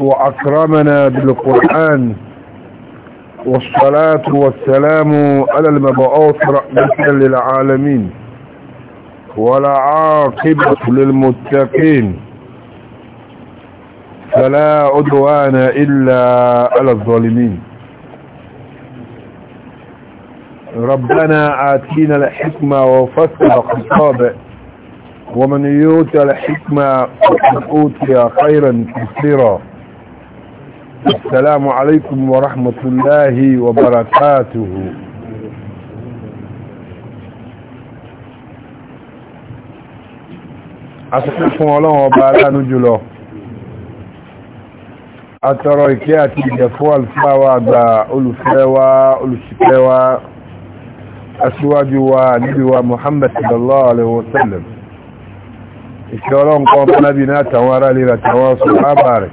وأكرمنا بالقرآن والصلاة والسلام على المبعوث رحمة للعالمين ولا عاقبة للمتقين فلا أدوان إلا على الظالمين ربنا آتينا الحكمة وفصل خطابه ومن يؤتى الحكمة فقد أوتي خيرا كثيرا السلام عليكم ورحمة الله وبركاته أسفل فún ọlọ́run ọba aláàánú jùlọ àtọrọ ìkẹ́ àti ìjẹ̀fọ́ alfáwà àgbà olùfẹ́wà olùsìkẹwà aṣíwájú wa níbiwa Muhammad sallallahu alaihi wasallam ìṣẹ́ ọlọ́run kan fún nábi náà tàwọn ará lè rà tàwọn sọ ábà rẹ̀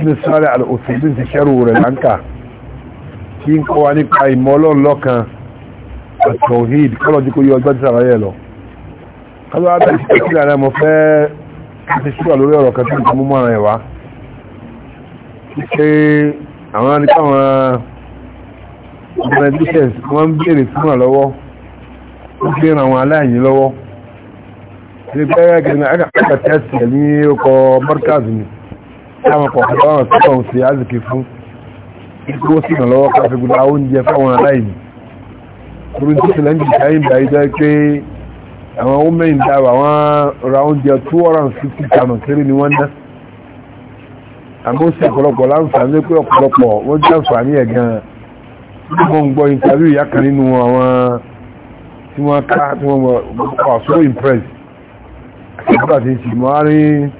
ibn sáré al-Uthaymin ti ṣẹ́rù rẹ̀ láńkà kí ń kọ́ wa nípa ìmọ̀ ọlọ́run lọ́kan at-tawhid kọ́lọ̀dí kó yí ọjọ́ ti sàlàyé lọ kọ́lọ́ wá bẹ̀rẹ̀ sí ìlànà mo fẹ́ ti ṣúwà lórí ọ̀rọ̀ kan tí nǹkan mú mọ́ra ẹ̀ wá ṣe àwọn táwọn kọ̀ọ̀kan táwọn sọ́kọ̀ òsì azìkì fún ikú ó sì nà lọ́wọ́ ká fi gúdá oúnjẹ fáwọn aláìní orí tó sílẹ̀ ń jì káyìn báyìí jẹ́ pé àwọn women dáwà wọ́n ra oúnjẹ 250 kanu kéré ni wọ́n ná àmọ́ sí ọ̀pọ̀lọpọ̀ láǹfààní pé ọ̀pọ̀lọpọ̀ wọ́n jẹ́ àǹfààní ẹ̀ gan wọ́n gbọ́ interview ìyá kan nínú àwọn tí wọ́n ká tí wọ́n wọ́n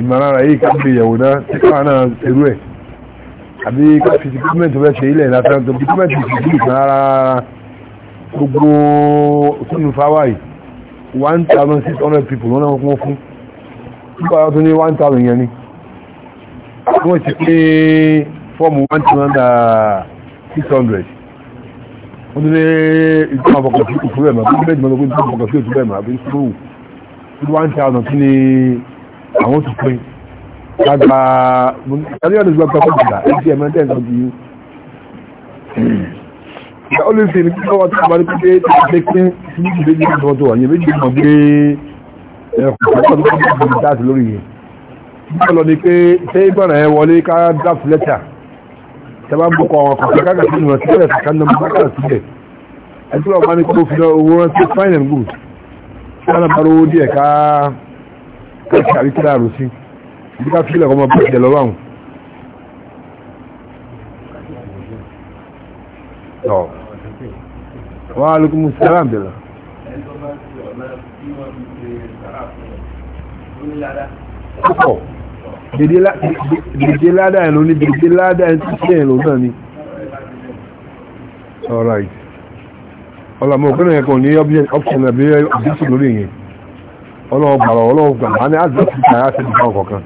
ìmọ̀lára yìí ká gbé ìyẹ̀wò náà tí káà náà erú ẹ̀ àbí ká fi ti gọ́ọ̀mẹ̀ntì ọ̀fẹ́ ṣe ilẹ̀ lásán tó gọ́ọ̀mẹ̀ntì ìṣèlú ìkan rárá gbogbo sínú fáwá yìí one thousand six hundred people wọ́n náà wọ́n fún nípa àwọn tó ní one thousand yẹn ni wọ́n ti pé fọ́ọ̀mù one thousand six hundred wọ́n ti ní ìjọba àbọ̀kọ̀ sí òtún bẹ́ẹ̀ mà bí bẹ́ẹ̀ jùmọ̀ lóko ìjọba àbọ̀kọ̀ sí òtún bẹ́ẹ̀ mà bí one thousand tún ní àwọn ti pín gbàgbà ẹlẹ́yọ̀dún ti gbàgbà kọ́kùnlá ẹ̀sì ẹ̀mẹ́ tẹ́ ǹkan bíi ìyá ó lè fi ní kíkọ́ wọn tó wà ní pípé tẹ́ pín sí ní ìbejì ní ìbọn tó wà ní ìbejì mọ̀ pé ẹ̀kọ́ tó kọ́ tó kọ́ dáàtì lórí yẹn nígbà lọ ni pé ṣé ìbọn ẹ̀ wọlé ká draft letter tẹ́bá ń bọ́kọ̀ ọkọ̀ kàkàkà sí ìrìnà sílẹ̀ kàkànnà kàkàkà sílẹ̀ ẹ̀tí wọ́n bá ní kó fi owó rán sí fine and good ṣé wọ́n bá rówó díẹ̀ ká kẹ́kẹ́ àríkílà àrùn sí ibi ká fílẹ̀ ọmọ bá jẹ lọ́wọ́ àwọn tọ́ wọ́n alùkùn sàrà bẹ̀rẹ̀ púpọ̀ dèdè ládà ẹ̀ ló ní dèdè ládà ẹ̀ tí sí ẹ̀ ló náà ni all right ọlọ́mọ òkúnnà ẹ̀kọ́ ní option àbí option lórí ìyẹn ọlọ́ọ̀gbàrọ̀ ọlọ́ọ̀gbàrọ̀ ní azùkúta ya ṣe nìkan kọ̀kan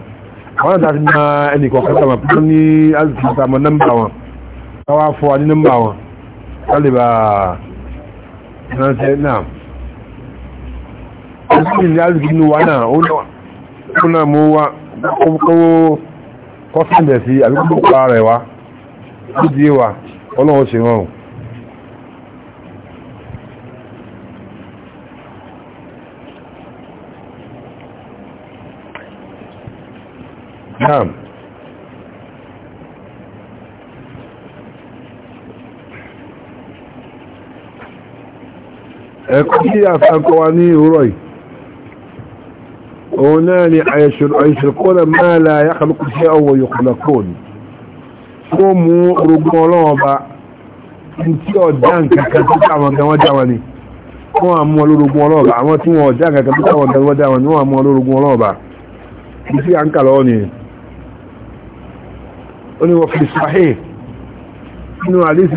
wọ́n dá ní ẹni kọ̀kan tàbí pẹ́ ní azùkúta mọ́ nọ́mbà wọn káwá fọ́ wa ní nọ́mbà wọn kálíbà ránṣẹ́ náà ọdún ní azùkúta ní wa náà ó náà mú wa kó kọ́sẹ̀ndẹ̀ sí àbíkú pa rẹ̀ wa ó di wa ọlọ́wọ́ ṣe rọrùn نعم ẹ̀kọ́ tí àfẹ́kọ́ wa ní ìrọ̀ yìí òun náà ni àyẹ̀ṣẹ̀kọ́lẹ̀ máa láyé àkàlùkù sí ọwọ̀ kó mú orogún ọlọ́ọ̀bá tí ọ̀dá nǹkan tó káwọn gan wọ́n jáwọn ni wọ́n àmú olórogún ọlọ́ọ̀bá àwọn tí قل هو في الصحيح انه عليه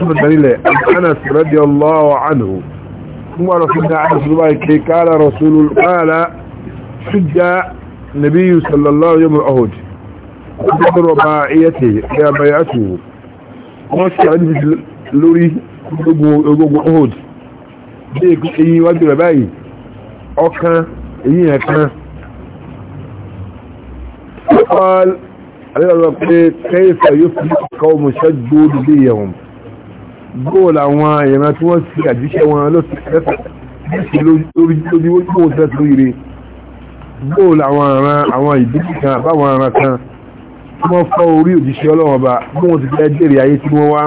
سبب دليل انس رضي الله عنه ثم رسولنا انس رضي قال رسول قال شج النبي صلى الله عليه وسلم اهد قدر رباعيته يا بيعته وشي عندي لوري gbogbo ohud bí èyí wájú rẹ̀ báyìí ọkàn èyí ẹ̀kan àríwá pé kẹ́yìfà yóò fi kọ́ mọ̀ṣẹ́ gbóòdù bí yẹ̀wọ̀n góòlù àwọn ìran tí wọ́n ti àjíṣẹ́ wọn ló ti fẹ́fẹ́ lórí gbóòdù tẹ́sí lóyire góòlù àwọn ìran àwọn ìdílé kan àbáwọn ìran kan tí wọ́n fọ́ orí òjíṣẹ́ ọlọ́wọ́n bá bí wọ́n ti fẹ́ jèrè ayé tí wọ́n wá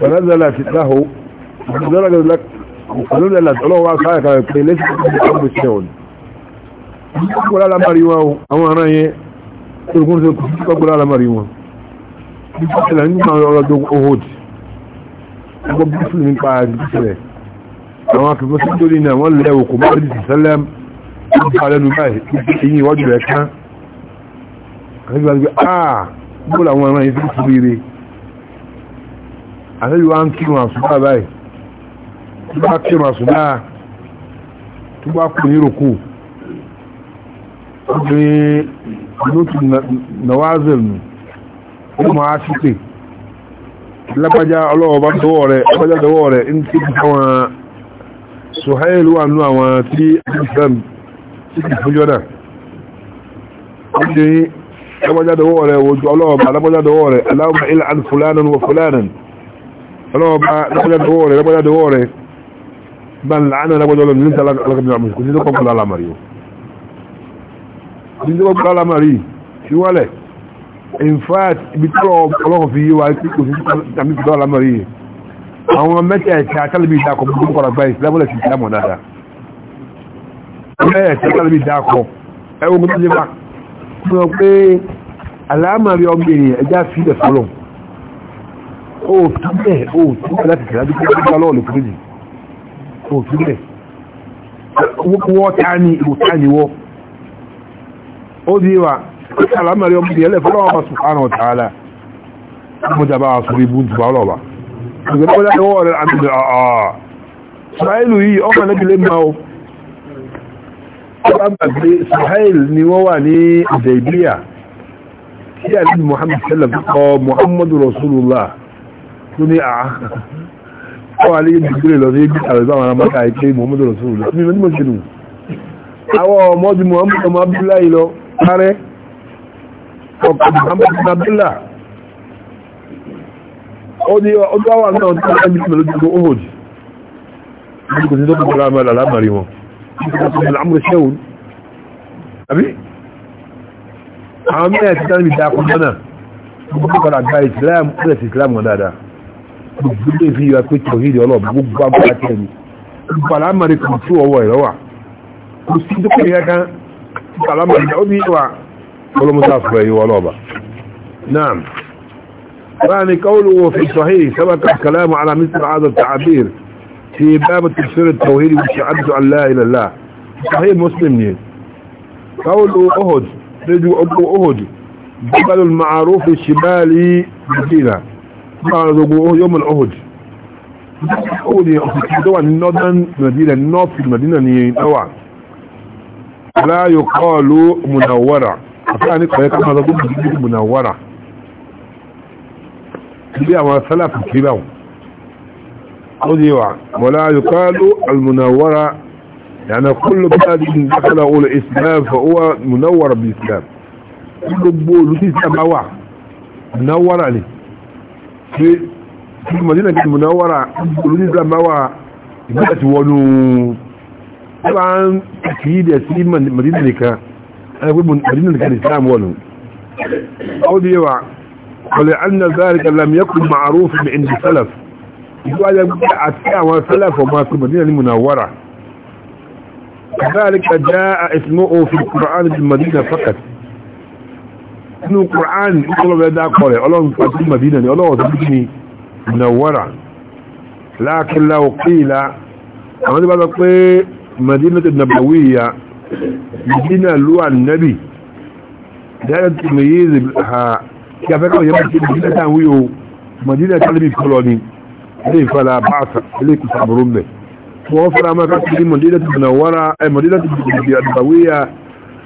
فنزل في له درجة لك وقالوا ogun ṣe kò sí kọ́gbọ́n alamari wọn bí kò ṣẹlẹ̀ nígbà ọlọ́dọ̀ ohod ọgbọ́n bí fún mi pa ìṣẹ̀lẹ̀ àwọn akẹ́kọ̀ọ́ sí torí náà wọ́n lẹ́ òkú bá rí ti sẹ́lẹ̀ ń bá lẹ́nu báyìí èyí ìwájú rẹ̀ kán àti gbàgbé ah bó làwọn ẹran yìí fi kú rere àti wá ń kírun àṣùbà báyìí tó bá kírun àṣùbà tó bá kù ní ròkù lótú nawazil nù ó máa ṣí pé lápájá ọlọ́wọ́ bá dọwọ́ rẹ̀ lápájá dọwọ́ rẹ̀ ń tí kí àwọn Suhail wà nú àwọn tí islam tí kì fújọ́ náà ó dé lápájá dọwọ́ rẹ̀ wojú ọlọ́wọ́ bá lápájá dọwọ́ rẹ̀ aláwọ̀ ilẹ̀ an fulanan wa fulanan ọlọ́wọ́ bá lápájá dọwọ́ ní tí wọ́n gbá lámàrí sí wálẹ̀ in fact ibi tọ́lọ̀ ọlọ́run fi yíwa kò sí tàbí fi tọ́lọ̀ lámàrí àwọn mẹ́tẹ̀ ẹ̀tẹ́ àtàlẹ́bí ìdákọ̀ bí kò kọ̀rọ̀ báyìí lábọ́lẹ̀ sí ìdámọ̀ dáadáa mẹ́tẹ̀ ẹ̀tẹ́ àtàlẹ́bí ìdákọ̀ ẹwọ́n tó jẹ́ bá mọ̀ pé alámàrí ọmọ ènìyàn ẹjá fi ilẹ̀ fọlọ́ ó tún bẹ́ẹ̀ ó tún bẹ́ẹ̀ láti tẹ̀lé adúgbò tó gbá lọ́ọ̀lù ó tún bẹ́ẹ̀ wọ́n ta wọ́n ó di wà alámàrí ọmọ ìyẹ́lẹ̀ fọ́lọ́wọ́ subhanahu wa ta'ala mú jàbá àṣírí bú jùbá ọlọ́ba ìgbẹ̀lẹ́wọ́ rẹ̀ àti àà Sàhẹ́lù yìí ọmọ nẹ́bílé máa ó gbàgbé Sàhẹ́lù ni wọ́n wà ní Zaidiyya tí a nílùú Muhammad sallam ọ Muhammadu Rasulullah tó ní àá ọwà ní ìdíkúrè lọ sí ibi àrẹ̀sá àwọn amáka ìpé Muhammadu Rasulullah sáré ọkọ̀ muhammad abdullah ó ní ọjọ́ wà náà tó ẹni tí mẹ́lú jùlọ ohòjì ní kò sí tó kòkòrò àmà àlámàrí wọn àwọn mẹ́rin ti tán ní ìdákùn náà gbogbo kan àgbà islam ọ̀rẹ́ sí islam wọn dáadáa gbogbo èfi yíwa pé tọ̀hídì ọlọ́ọ̀bù gbogbo agbára tẹ́lẹ̀ gbogbo àlámàrí kan tí ọwọ́ ìrọwà kò sí tó kẹ́kẹ́ kan طالما يعودي كل مضاف به نعم يعني قوله في الصحيح سبق الكلام على مثل هذا التعبير في باب التفسير التوهيدي والشهادة أن لا إله إلا الله صحيح مسلم نين قوله أهد رجو أبو أهد جبل المعروف الشمالي مدينة يوم الأهد أهد يوم النودن مدينة النوت في المدينة نين أوعى لا يقال منورة فأني قلت كما تقول مجدد منورة اللي أما ثلاث كيلو أضيوع ولا يقال المنورة يعني كل بلد دخله الإسلام فهو منور بالإسلام كل بول في سماوة منورة لي في المدينة المنورة كل سماوة يبقى ونور طبعا اكيد يا سيدي مدينة لك انا اقول مدينة لك الاسلام ولو قول يوع ولأن ذلك لم يكن معروف عند السلف يقول أتكى والسلف وما في المدينة المنورة كذلك جاء اسمه في القرآن بالمدينة فقط inú Qur'an ìkọlọ̀bẹ̀ dákọ̀ rẹ̀ ọlọ́run pàtí Madina ni ọlọ́wọ̀ tó bí ní Munawwara láàkílá òkèèlá àwọn tí bá sọ pé مدينة النبوية مدينة لوع النبي دائرة تمييزها كافكا يوم مدينة تنويه مدينة تلبي كولوني ليه فلا بعث عليكم صبرون به ووفر ما كانت في مدينة المنورة اي مدينة النبوية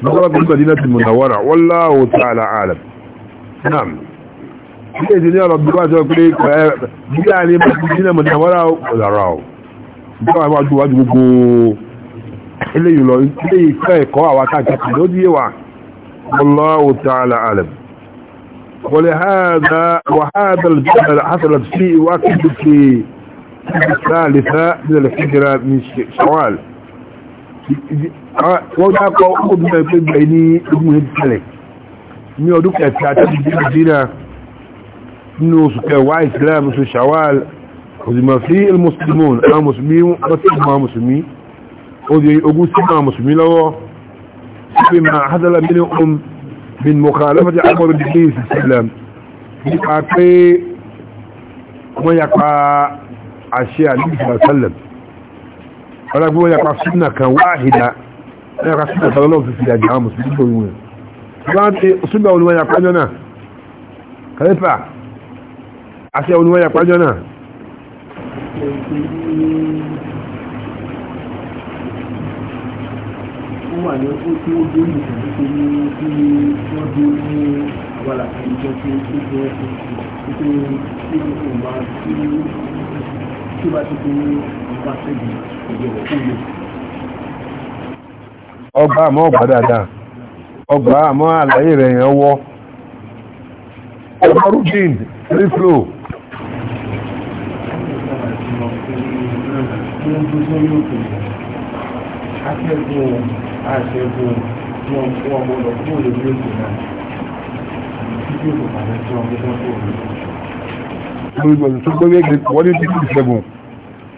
نظرة المدينة المنورة والله تعالى عالم نعم ليه يا رب الله سوف ليك يعني مدينة المنورة ولا راو دعوا بعض واجبكم eléyìí lọ eléyìí fẹ́ ẹ̀kọ́ àwọn akáàkiri ló díye wa wallahu ta'ala alam ولهذا وهذا الجمل حصلت في في الثالثة من الحجرة من شوال وذاك أخذ ما بيني ابن هدسلك ní ọdún kẹta àti ìdíjìnà nínú oṣù kẹwàá ìsìlẹ̀ musulmi shawal òzìmọ̀ sí ilmùsùlùmí àwọn musulmi odi ogun sí ma musulmi lọ́wọ́ sí ma hadala mini um bin mukhalafati amur bin sallam nípa pé wọ́n yapa àṣẹ àlúgbà sallam ọlọ́gbọ́n wọ́n yapa súnà kan wáhìdá wọ́n yapa súnà kan lọ́wọ́ fífi àjẹ́ àwọn musulmi tó yíwọ̀n súnà olùwọ́ yapa jọ́nà kàlífà àṣẹ olùwọ́ yapa jọ́nà ó wà ní ó tí ó dórí ìtàjú tó ní bí wọ́n dó ní àwàlà kan ìjọ tí ó tó jẹ́ ètò tí ó bá tí ó bá ti fún ọba ṣẹ́gun ọjọ́ rẹ̀ fún mi. ọgbà àmọ́ ọgbà dáadáa ọgbà àmọ́ àlàyé rẹ̀ yẹn wọ́ ọgbà rubin free flow. Thank you àṣẹ fún wọn fún ọmọ lọ fún òye bí òkè náà títí òkè pàdé tí wọn gbé fún òye. Àwọn ìgbọ̀nsẹ̀ tó gbé yẹ́gẹ̀ wọ́n ní títí ìṣẹ́gun.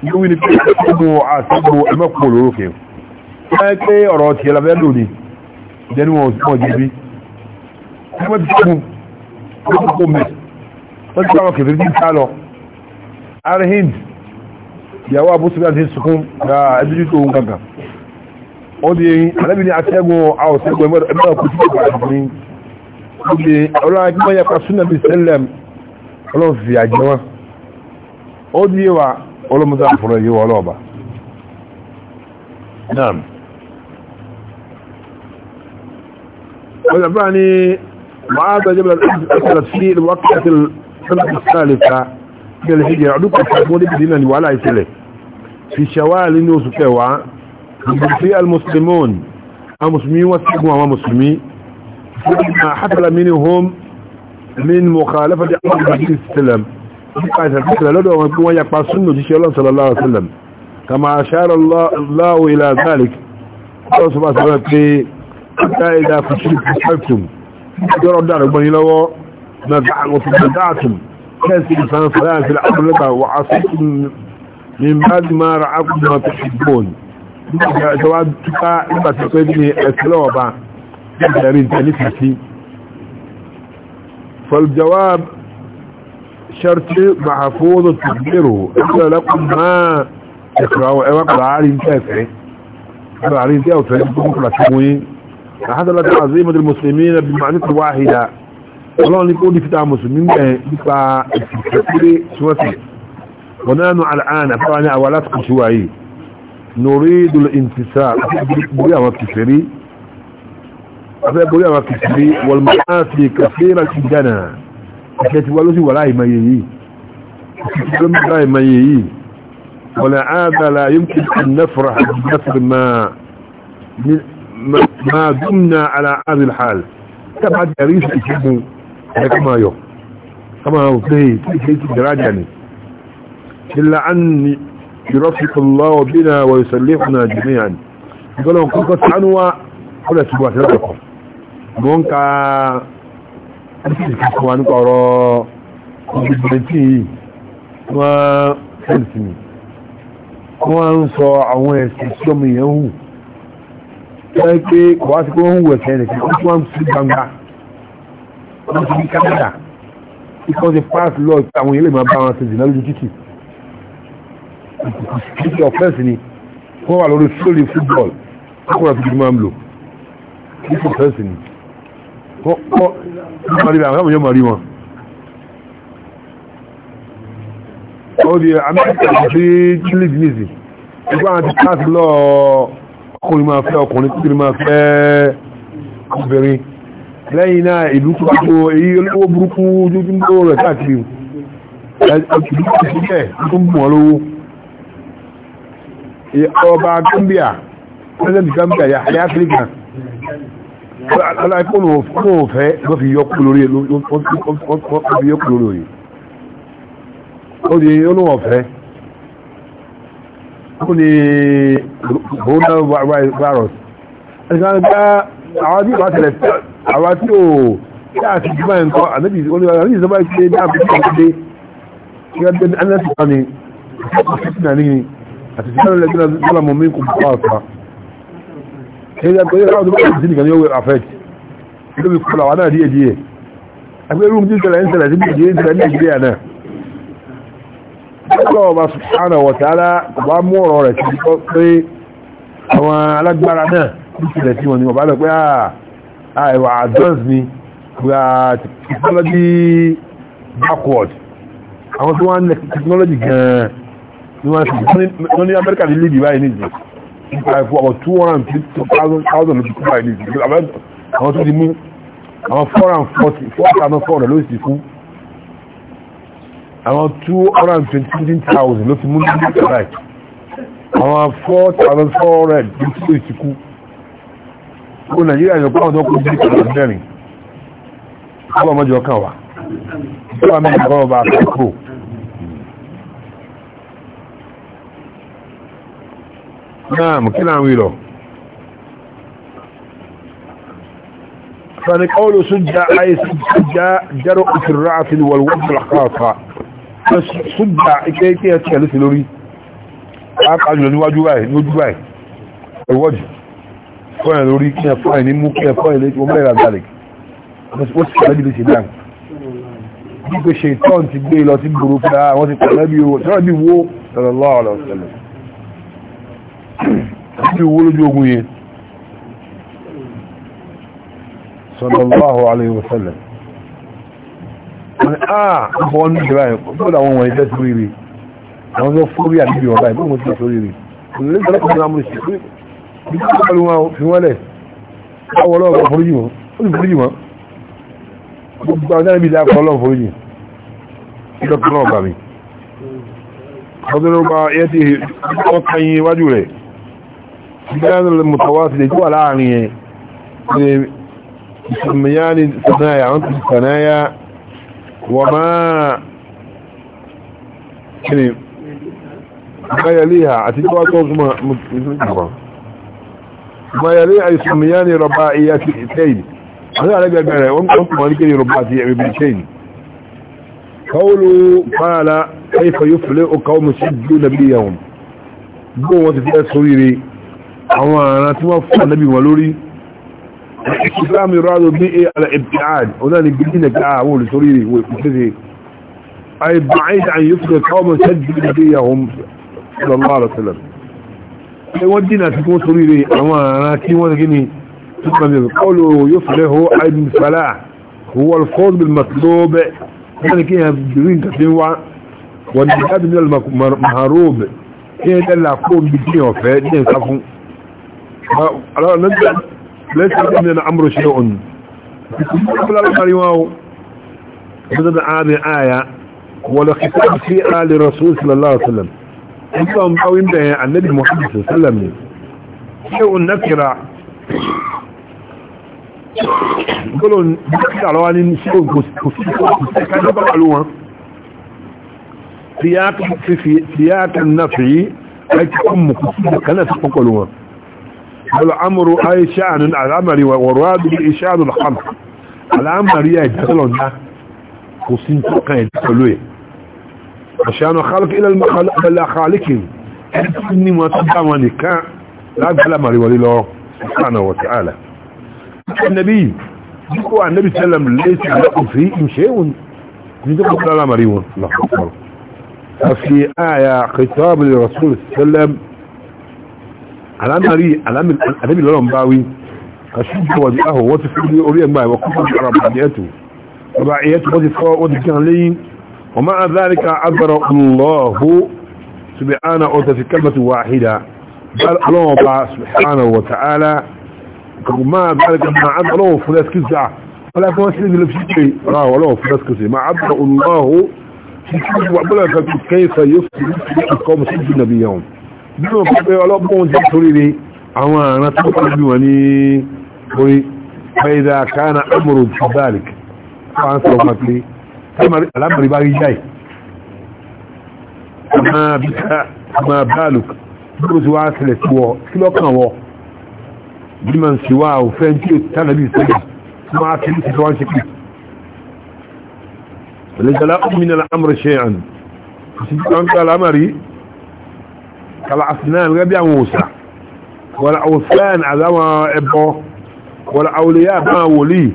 Yóò wí ni pé ìṣẹ́gun àṣẹ́gun ẹ̀mọ́pọ̀ lórókè. Wọ́n pé ọ̀rọ̀ tiẹ̀ la fẹ́ lò wọn ò jẹ̀bi. Wọ́n ọdí alẹ́bí ní atẹ́gùn àwọ̀sẹ́gùn ẹgbẹ́ ọkùnrin tó pàdé ní ọdí ọlọ́run ẹgbẹ́ yẹpa súnàbí sẹ́lẹ̀m ọlọ́run fi àjẹ́ wọn ọdí wa ọlọ́mọdé àfọ̀rọ̀ yíwọ ọlọ́ọ̀bà náà ọjọ́bá ni máa tọ́jọ́ bẹ̀rẹ̀ sí ìwọ́kẹ́tì sẹ́lẹ̀m sálẹ̀ta gẹ̀lẹ́ fi jẹ́ ọdún pàtàkì mọ́dé bìdínà ni wàhálà ìṣẹ̀lẹ̀ fi ṣẹ̀wá nínú oṣù kẹwàá في المسلمون المسلمين واتقوا هم مسلمين فيما حصل منهم من مخالفة أمر النبي صلى الله عليه وسلم كما أشار الله, الله إلى ذلك الله سبحانه وتعالى حتى إذا فشلت فشلتم جرى الدار أبني لو نزعتم كان سيدنا صلى الله عليه وسلم وعصيتم من بعد ما رعاكم ما تحبون ìjọba túká nígbàtí pé ní ẹ̀sẹ̀lẹ̀ ọba ìjẹ̀rí ìtẹ̀lifì فالجواب شرط محفوظ تقديره إذا لكم ما تقرأوا يقرأوا إما قرعالي انتافعي قرعالي انتافعي بكرة شموين حصلت عظيمة المسلمين بمعنى واحدة والله نقول لي فتاة مسلمين بكرة الكثير شوفي ونانو على الآن أفراني أولاتكم شوائي نريد الانتصار بيا وكفري بيا وكفري والمعاصي كثيرة جدا كتولوسي ولا يميي ولا يميي ولا عاد لا يمكن أن نفرح بنفر ما ما دمنا على هذه الحال كما يريس الشيء كما يوم كما يوم تهي تهي تهي إلا أني يرفق الله بنا ويسلحنا جميعا قالوا انكم تسعنوا ولا تبوا تلقوا مونكا وان قرا بنتي و سلسمي wọ́n sọ àwọn ẹ̀sìn tí ọmọ èèyàn hù tẹ́ pé kọ̀wá sí pé wọ́n hù ẹ̀sẹ̀ ẹ̀sìn tí wọ́n sí gbangba wọ́n ti ní Canada ikọ́ ti pass law àwọn ilé ma bá wọn ti dìnà lójú títì títí ọ̀fẹ́sì ni wọ́n wà lórí sórí fútbọ̀l ọkùnrin àti ìgbìmọ̀ àmlò títí ọ̀fẹ́sì ni wọ́n kọ́ níparí àwọn ọmọ yóò mọ̀ rí wọn. ó di amẹ́ríkà àti chile dinizi ẹgbẹ́ àwọn ti káàsì lọ ọkùnrin máa fẹ́ ọkùnrin títí máa fẹ́ obìnrin lẹ́yìn náà ìlú tó kó èyí olówó burúkú ojoojúmọ́ rẹ̀ káàkiri ìlú tó kó sílẹ̀ tó ń bù wọn lówó ọba gambia president gambia ya ní áfíríkà aláìkóòlù òfẹ́ ló fi yọkù lórí ó ní olóòfẹ́ ó ní coronavirus ẹ̀sán gbá àwọn tí ìbá tẹ̀lẹ̀ àwọn tí ó yáà ti jùmọ̀ ẹ̀kọ́ àdébì ìsọ́bá ìpínlẹ̀ ní àbúkọ̀ ọdún dé kí wọ́n dé ní ẹ̀nẹ́sì kan ní ọ̀sán àtìsíkà lẹ́gbẹ̀rẹ̀ lọ́lọ́mọ̀ mi kò bá ọ̀sá ẹgbẹ́ ẹgbẹ́ ẹgbẹ́ ọdún bá ti nìkan yóò wẹ̀ affect ilé mi kọlà wà náà díẹ̀ díẹ̀ ẹgbẹ́ irú ní ń ṣẹlẹ̀ sí àwọn alágbára náà ń ah, ah, lẹ technology gan-an ní wọ́n sì wọ́n ní amẹ́ríkà ní lè dìbà ní ìjì nípa ẹ̀fọ́ àwọn 250,000 lóbi kúrò ní ìjì àwọn tó ti mú àwọn 440,000 ló sì fún àwọn 220,000 ló ti mú ní ìjì báyìí àwọn 4,400 ló sì lè ti kú ó nàìjíríà yọ pé àwọn tó kú sí ìjì mẹ́rin ọgbọ́n mọ́jọ kan wà ìjọba mẹ́rin ọgbọ́n ọba àkókò náà mú kí náà wí lọ فأنا قول سجع أي سجع جرء في الرعة والوضع الخاصة سجع إكيكي أتكالي سلوري أقعد لنواجه باي نواجه باي الوجه فأنا لوري كنا فأنا نمو كنا فأنا ليك وما إلى ذلك بس وسك لدي بسيدان يقول الشيطان تبقى لو تبقى رفلا وسك لدي وتربي وو صلى الله عليه وسلم bí owó lójú ogun yẹn sallallahu alayhi wa sallam ah ọkọ̀ wọn ní ìjọba yẹn bọ́dà wọn wọ̀nyí tẹ́sí rí rí àwọn tó fórí àdúgbò ọba yìí bọ́dà wọn sórí rí lórí ìjọba kan náà mú sí bí wọ́n bá lu wọn fi wọ́n lẹ̀ káwọ́ lọ́wọ́ foríjì wọn ó sì foríjì wọn بيان المتواصل هو العامية يسميان الثنايا عنده الثنايا وما يعني ما يليها عتيقوا توقما ما يليها يسميان رباعيتين هذا على قبل وانتم مالكني رباعيتين بنتين قولوا قال كيف يفلئ قوم شدوا نبيهم بو وتفلئ سريري àwọn àrán tí wọ́n fún ànábì wọn lórí ìsìlámi rádò bí i al'ibtiad ọ̀nà ni gidi na káà wọ́n lè sórí ìwé ìfẹ́sẹ̀ àìbáyìí àyè fún ọmọ sẹ́jì ìdí yahun sallallahu alaihi wasallam ṣe wọ́n dínà tí wọ́n sórí rẹ̀ àwọn àrán tí wọ́n gini قوله يفلح أي فلاح هو الفوز من المهروب كيها دلع قوم بكيه وفاة دين ليس عندنا امر شيء قبل الامر واو بدل هذه آية ولا خطاب في آل الرسول صلى الله عليه وسلم اللهم او ينبه عن النبي محمد صلى الله عليه وسلم شيء نكرة يقولوا نكرة على وان شيء كسيكا سياق في سياق النفي أي تكون مكسيكا نفسك قلوها الأمر أي شأن الأمر والراد بالإشان الخمس الأمر يجعل لنا وسين تقين تقلوه عشان خلق إلى المخلق إلى خالق إني ما تدعوني كان لا الأمر ولي له سبحانه وتعالى النبي يقول النبي صلى الله عليه وسلم ليس لكم فيه شيء يقول الأمر الله أكبر ففي آية خطاب للرسول صلى الله عليه وسلم alamari alabi lọ́rọ̀ bá wí aṣíjọ wà ní ahọ̀ wọ́n ti fún ní orí ẹgbà ìwọ̀ kúrò ara bà ní ẹ̀tù ọba ẹ̀yẹ́tù wọ́n ti fọ́ wọ́n ti jẹun lẹ́yìn wọ́n máa zárika agbára ọlọ́hu subhana ọ̀tọ̀ ti kalmatu wahida ọlọ́ọ̀ba subhana wa ta'ala máa zárika máa agbára fún ẹskíza ọlọ́fún sí ní lọ́fi pé ọlọ́ọ̀ fún ẹskíza máa agbára ọlọ́hu nínú pẹ́pẹ́ ọlọ́gbọ́n jẹ́ toríre àwọn àrán tó pẹ́lú wọn ní orí fẹ́ìdá káàna amòrò fàbáàlìk fáwọn sọ ọmọ pé alámọ̀rí bá rí jáì ma báàlùk lóòrò tí wá sílẹ̀ sí wọ kí lọ́kàn wọ bí ma ń sì wá òfẹ́ tí ó tánàbí sẹ́yà tí wọ́n á kí ní ti wọ́n ṣe pé lẹ́jọ́lá ọmọ mi náà amòrò ṣe àn كالعصنان غبي موسى والأوثان عذاب إبو والأولياء بما ولي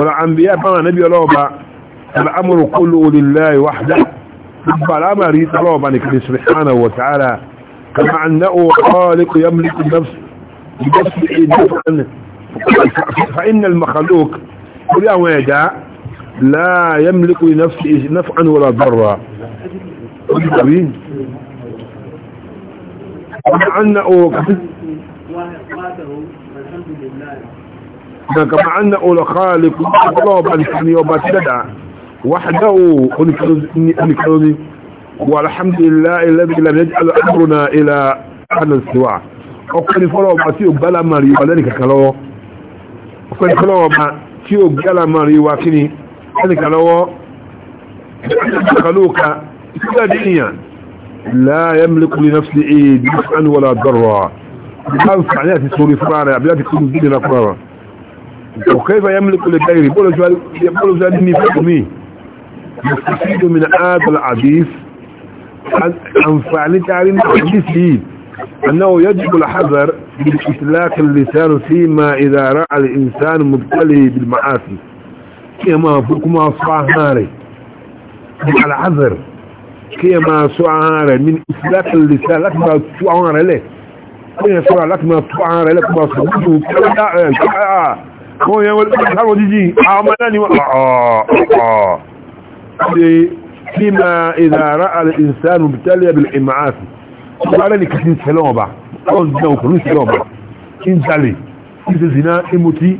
والأنبياء بما نبي الله الأمر كله لله وحده فالأمر يطلب عنك سبحانه وتعالى كما أنه خالق يملك النفس بنفسه نفعا فإن المخلوق كل ويدا لا يملك لنفسه نفعا ولا ضرا كما أنه كما أنه لخالق الله بالحني وبالسدع وحده ونكرني والحمد لله الذي لم يجعل أمرنا إلى أهل السواء ọkùnrin fọ́lọ̀ ọba tí ó gbálà máa rí wa lẹ́nì kàkà lọ́wọ́ ọkùnrin fọ́lọ̀ ọba tí ó gbálà máa rí wa lẹ́nì لا يملك لنفسه نفعا ولا ضرا بخلص عليها في سوري فرارة بلا تكون الدين فرارة وكيف يملك لغيره يقول ذلك فهمي يستفيد من هذا الحديث عن فعل تعليم الحديث إيه. أنه يجب الحذر من إطلاق اللسان فيما إذا رأى الإنسان مبتلي بالمعاصي كما ما أصبح ناري على حذر kí ẹ máa sọ ahọ́n rẹ̀ láti lè sá láti máa tú ahọ́n rẹ̀ lẹ̀ kí ẹ sọ́ra láti máa tú ahọ́n rẹ̀ lẹ̀ kí máa sọ wọ́n tó kí wọ́n dá ẹ̀ wọ́n yẹn wọ́n tó sáwọn jíjì àwọn ọmọ náà ni wọ́n ọ̀ọ̀ kí máa ìdára alìsánù tẹ́lẹ̀ bí ìmáàsì tó bá rẹ̀ kìí sẹ́lẹ̀ ọba wọ́n ti dáwọn kòrò sẹ́lẹ̀ ọba kí ń jalè kí ṣe zina ìmutí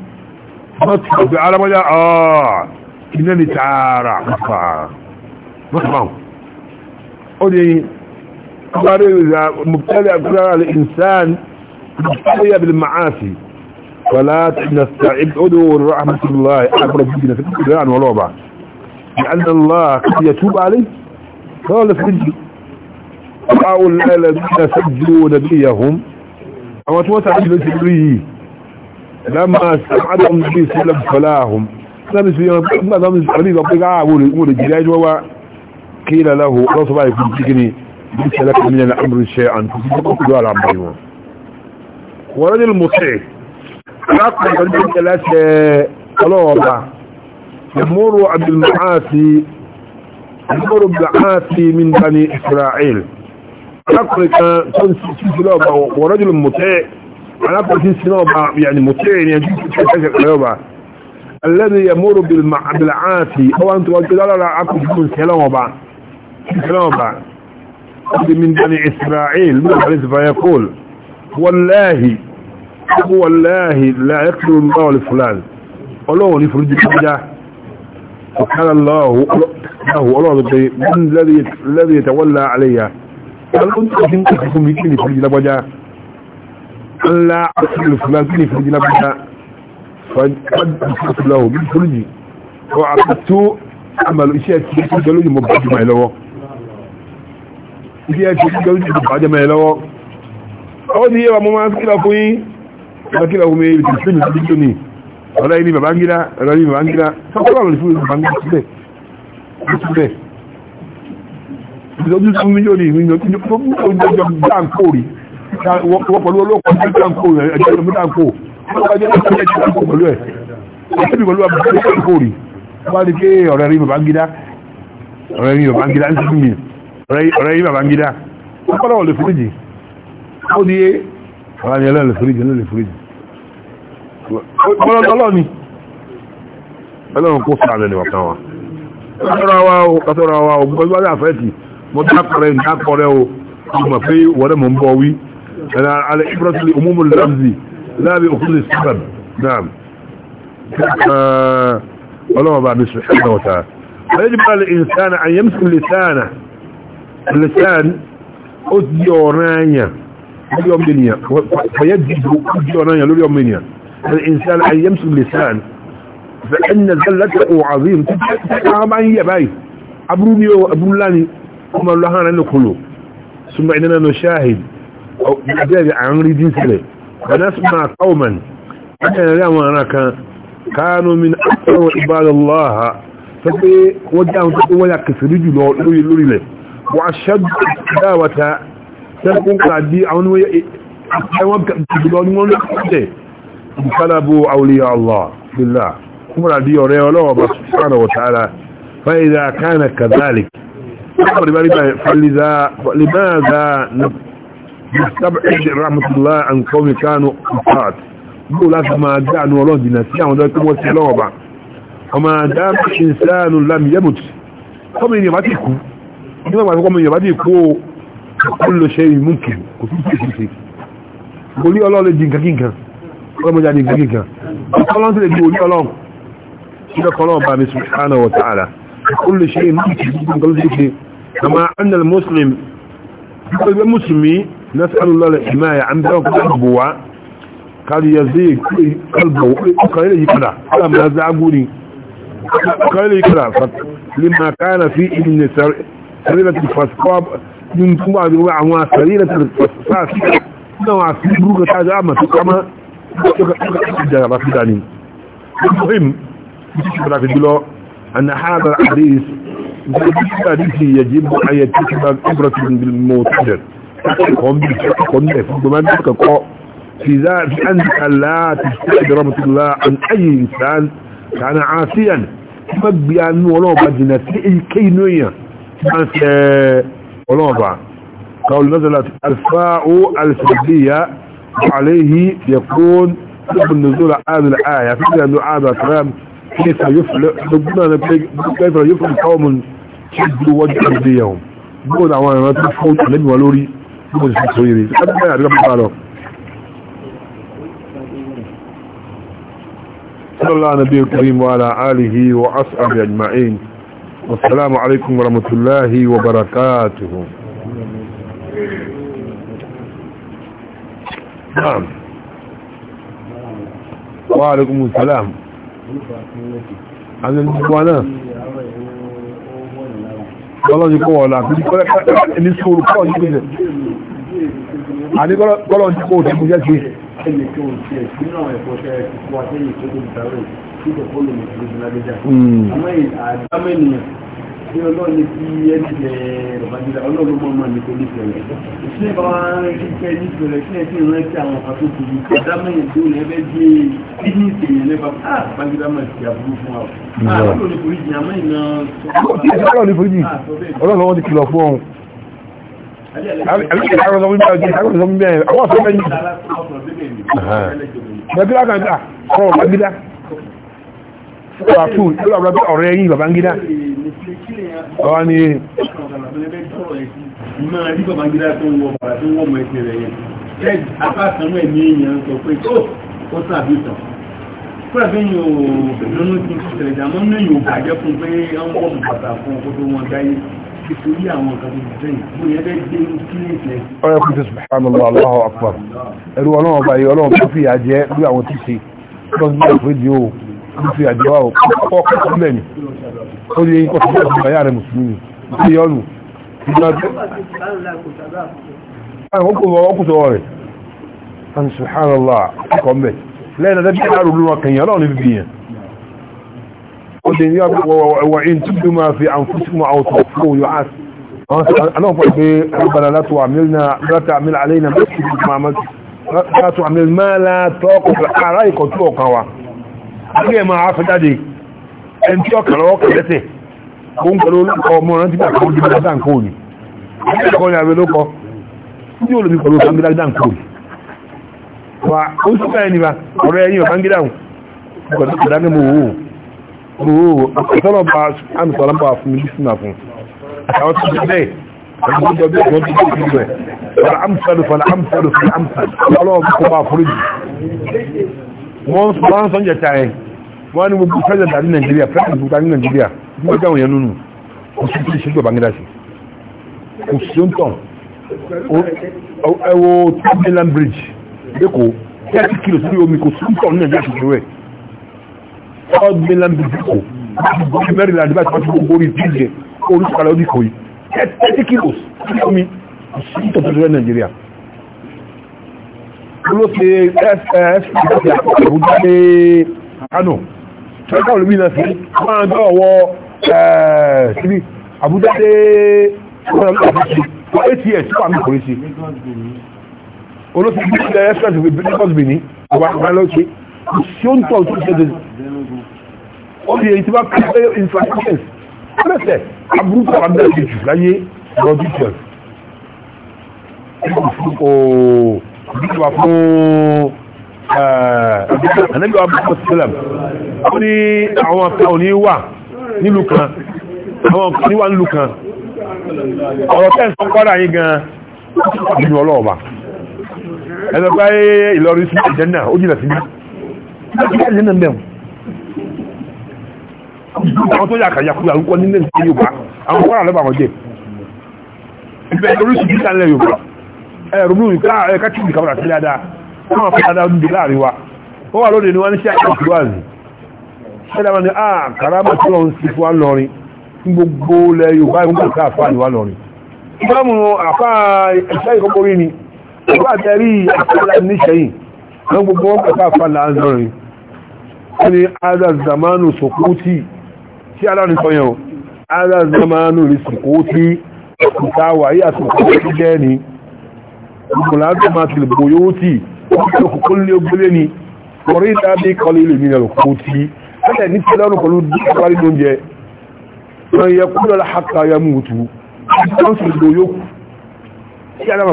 wọ́n قولي إذا مبتلع قرار الإنسان مبتلع بالمعاصي ولا نستعب أدو رحمة الله أكبر جدنا في القرآن ولوبة لأن الله قد يتوب عليه قال سجد أو الذين سجدوا نبيهم أما توسع بسبريه لما سمعتهم نبي سلم فلاهم لم يسمعهم لم يسمعهم لم يسمعهم لم يسمعهم قيل له رسول الله يكون تجني ليس لك من الأمر شيئا فتقول على أمرهم ورجل المطيع رقم قلت ثلاثة قلوبة يمر بالمعاصي يمر بالمعاصي من بني إسرائيل رقم تنسي قلوبة ورجل مطيع رقم تنسي قلوبة يعني مطيع يعني قلوبة الذي يمر بالمعاصي أو أنت قلت لا لا لا أكو جميل سلام وبعض كلام بعد من بني اسماعيل من حزب يقول والله والله لا يقتل الله لفلان قالوا لفرج الحجة وقال الله له الله من الذي الذي يتولى علي قال انت انتكم يجيني فرج الحجة قال لا اقتل لفلان كني فرج الحجة فقد له من فرجي وعقدت عمل اشياء كثيره قالوا لي مبقى ibi ẹ̀kì ìgbẹ̀rún ti bàjẹ́ mẹ́ lọ́wọ́ ó ní yíwa mọ́ máa ń kílọ̀ fún yín ọ̀rọ̀ kílọ̀ fún mi ibi tí fíìmù ti tó ní ọ̀rọ̀ ilé babangida ọ̀rọ̀ ilé babangida sọ́kọ́ àwọn olùfún babangida síbẹ̀ síbẹ̀ ìdọ́jú fún mi yóò ní ìjọ dáńkóòrì wọ́n pẹ̀lú olóòkùn dáńkóòrì ẹ̀jẹ̀ lọ́mú dáńkóòrì wọ́n pẹ̀lú olóòkùn pẹ̀lú ẹ̀ ẹ̀jẹ̀ pẹ̀lú abúlé dáńkóòrì wọ́n á ní pé ọ̀rẹ́ rí babangida ọ̀rẹ́ rí babangida ń sún mi ọ̀rẹ́ yí Babangida ó pọ́lọ̀ wọ̀ lè fúríjì ó ní ọ̀rẹ́ ni ẹlẹ́ lè fúríjì lè fúríjì ọlọ́lọ́ ni ọlọ́run kó sáà lẹ́nu ọ̀kan wa kásọ̀rọ̀ wa o kásọ̀rọ̀ wa o gbogbo ọjọ́ àfẹ́ẹ̀tì mo dákọrẹ́ dákọrẹ́ o mọ̀ pé wọ́n mọ̀ ń bọ̀ wí alẹ́ ibrahim umumu lamzi láàbí bá mi sùn ẹ̀dọ̀ ta على الإنسان أن يمسك لسانه اللسان أديونانيا اليوم دنيا فيجب أديونانيا اليوم دنيا الإنسان أن يمسك اللسان فإن ذلته عظيم تتعام أن يباي أبروني وأبرولاني كما لهانا نقول ثم إننا نشاهد أو نجاب عن ريدين سلي ونسمع قوما أنا لا وانا كانوا من أكثر عباد الله فكي ودعهم تقول ولا كسر رجل لوري له وأشد الدعوة تكون قادي عون أيوان كبيرون من الكتاب انقلبوا أولياء الله بالله هم رضي الله سبحانه وتعالى فإذا كان كذلك فلذا لماذا نستبعد رحمة الله عن قوم كانوا أفاد يقول لك ما دعنا والله ديناسيا وذلكم وسيلوبا وما دام إنسان لم يمت قوم يمتكم nígbà pàtàkì ọmọ yorùbá dì kó kúlò ṣe ìmúkì kò tún sí ìṣẹ́ kò ní ọlọ́run di nǹkan kíkan ọlọ́mọdé di nǹkan kíkan ọlọ́run sì lè di orí ọlọ́run síbẹ̀ kan náà bá mi subhanahu wa ta'ala kúlò ṣe ìmúkì nǹkan ló ti ṣe àmà annal muslim nípa ìgbẹ́ mùsùlùmí nasarulọ́lẹ̀ ìmáyà àmì tẹ́wọ̀n kúlò àbùwá قال يزيد قلبه قال لي كده لما زعجوني قال لي كده لما كان في ابن سريرة الفاسقاب ينتم بعض عن سريرة الفاسقاب نوع سيبروك تاجة أما تقام تجارة في داني المهم بشكرا في الجلو أن هذا الحديث الحديث يجب أن يتكب عبرة بالموتجر قم قم فضمان في ذلك أنك لا تستعد رحمة الله عن أي إنسان كان عاسيا مبيا ولو بدنا في أي كينوية ولوضع قول نزلت الفاء الفردية عليه يكون سبب النزول هذه الآية فكرة أن هذا كلام كيف يفلح ربنا كيف يفلح قوم شدوا وجه أرضيهم بقول أعوانا ما تفهم علم ولوري بقول شد صويري قد ما يعرف قالوا صلى الله نبي الكريم وعلى آله وأصحابه أجمعين السلام عليكم ورحمة الله وبركاته نعم وعليكم السلام عن المسوانا والله يقول لا بدي كل اني كل كده ani kọlọ ti kó o ti mú jẹ́ sí. ẹnì tí kò kó lè lè lè lágbèjà àmọ́ àdámẹ́nìyàn tí ọlọ́run ní kí ẹni jẹ rọ̀bájúdá ọlọ́run mọ́ ọmọ nìkan ní ìfẹ̀rẹ̀ ṣé bá wá kíkẹ́ ní ìfẹ̀rẹ̀ ṣé ẹ ti rántí àwọn kan tó ti di àdámẹ́yìn tó lè ẹbẹ́ gbé kíní ìṣèyàn lẹ́fà á bájúdá máa ti àbúrú fún wa ọlọ́run ní foríjì àmọ́ ìná ọlọ́run ní foríjì ọlọ́run lọ́wọ́ ti kìlọ̀ fún ọ àbíkè àwọn ọmọ ìgbà ọjọ́ àwọn ọmọ ìgbà àwọn ọ̀sán mẹ́yìn rasul ọ̀rẹ́ yìí Babangida ọwá ni kúrò bí yóò lónú tí ó tẹ̀lẹ̀ jà mọ́ ní yóò bàjẹ́ fún pé ọmọ ọmọ bàtà fún ọkọ̀ tó wọ́n dáyé nítorí àwọn ọ̀gá gbogbo sẹ́yìn mú yẹ́ bẹ́ gbé ní kílẹ̀ ọ̀rẹ́kùn tó subhanallah Allahu akbar ẹ̀rù ọlọ́run báyìí ọlọ́run tó fìyà jẹ́ bí àwọn tí ṣe lọ́gbọ́n ìfẹ́dìí ń fi àjọwà ọkọ̀ sílẹ̀ ni ó lè kọ́ sílẹ̀ sí ìgbàyà rẹ̀ mùsùlùmí ní ṣe yọ́nù ọkùsọ̀wọ̀ rẹ̀ an ṣùhánàlá ọkọ̀ mẹ́ lẹ́yìn ọdẹ́ bí àrùn lọ́wọ́ kẹ̀yàn lọ́wọ́ níbi bìyàn ó lè ní ọwọ́ in tí bí máa fi àǹfúsùmọ̀ àwọ̀tọ̀ fún òyò àti àwọn pẹ̀lú pé rúbàlá látò àmìlà àlẹ́yìn àbí ẹ̀ máa fẹ́ jáde ẹni tí ọkàrọ̀ ọkà lẹ́sẹ̀ ó ń pẹ̀lú olókọ ọmọ rántí pàtàkì ojú dáadáa nǹkan òní ẹ̀kọ́ ni àbẹ̀ lókọ tí olùmí pẹ̀lú kangida dáadáa nǹkan òní wà ó sì fẹ́ ẹni wa ọ̀rọ̀ ẹ̀yìn ọ̀ kangida hùn wọ́n wọ́n sọ jẹta ẹ̀ wọ́n ní gbogbo president àti Nigeria president gbogbo àti Nigeria gbogbo ẹgbẹ́ òyìn nínú kò sí tí ìṣẹ́jọba Bangladesh kò sí ó ń tàn ẹwọ tamilan bridge lẹ́kọ̀ọ́ 30 kilo sí omi kò sí ń tàn ní Nigeria ṣùgbọ́n rẹ̀ tamilan bridge kò gbogbo Maryland bá ti wọ́n ti gbogbo orí ìdíje orí sọ̀kalẹ̀ orí kò yìí 30 kilo sí omi kò sí ń tàn tó ṣẹlẹ̀ Nigeria ló ṣe ss láti àbújá dé kánò tọ́lá olómi náà sí máa dọ́ ọwọ́ síbi àbújá dé ats wà ní polisi olóṣèlú ilẹ̀ ss bíkọ́sì bìíní àwọn àgbàlọ́ṣe tí ó ń tọ́ tó ṣe ó di èyí tí wọ́n kí pé infractions pẹ́sẹ̀ aburúkú àwọn abẹ́rẹ́ jù láyé lọ́dún 12 bíwà fún ẹ̀ẹ́dẹ́gbẹ̀wà bíwà sílẹ̀ ó ní àwọn kan ò ní wà nílùú kan àwọn kan ní wà nílùú kan ọ̀rọ̀ tẹ́ǹsán kọ́dà yí gan nínú ọlọ́ọ̀bà ẹ̀ẹ́dẹ́gbẹ̀ Ìlọrin sí ìjẹ́nà ó jìnà sí àwọn tó yàkà yàkú àrúkọ nílẹ̀ Yorùbá àwọn kọ́rà lọ́bà wọn jẹ́ ìbẹ̀ lórí sí ìjẹ́nà Yorùbá ẹ̀rù mú ẹ̀ká tí ìdíkà padà sí dáadáa wọ́n fẹ́ dáadáa ń di láàrin wa ó wà lóde ní wọ́n ní sí àkàrà ìwáàzì ṣẹ́dá wọn ni a ah, kàrámà tí wọ́n ń sí fún wa lọrin ní gbogbo ilẹ̀ Yorùbá ìgbà ká àfáà ni wa lọrin ìgbàmù àfáà ẹ̀ṣẹ́ ìkọ́kọ́rí ni ìgbà àtẹ́rí àfáà níṣẹ́yìn wọ́n gbogbo wọn kàkà àfáà là ń lọrin wọ́n ni azazamanu sokoti tí alárin sọ o azazamanu sokoti kùtà wà jẹ́ ni mùláàdù máa ti bò yóò tí ọkùnkùn lé ogbélé ni orí ìdábí kọlu ilé mi lọ kó tí ẹ̀lẹ̀ ní tí lọ́rùn pẹ̀lú díkàwárí ló ń jẹ wọ́n yẹ kú lọ́la haka ya mú òtù wọ́n sì lò yóò tí adama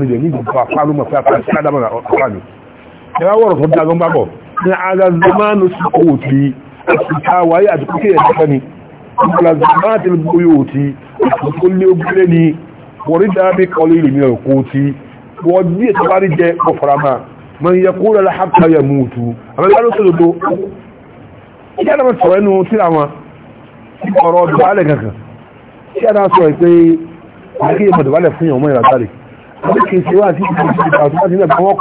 rẹ̀ nígbà tó afá mọ̀ pé afá sí adama afá ni ẹ̀rọ wọ̀rọ̀ tó dágán bá bọ̀ ní agazamanu sí owó tí àtìká wáyé àti kókè ẹ̀ wọ́n dábí kọlu ìlú mìíràn kó tí wọ́n bí ètò bá rí jẹ́ ọ̀fọ̀ramá mọ̀ yẹ kó rẹ̀ láhàkà yẹ mú tu àmẹ́gbẹ́ ló sọ́dọ̀dọ̀ ìjẹ́ náà sọ̀rọ̀ ẹnu tí àwọn ọ̀rọ̀ dùbálẹ̀ kankan tí a náà sọ̀rọ̀ pé àkíyè mọ̀ dùbálẹ̀ fún yàn ọmọ ìrà sáré àbí kì í ṣe wá sí ìgbà tó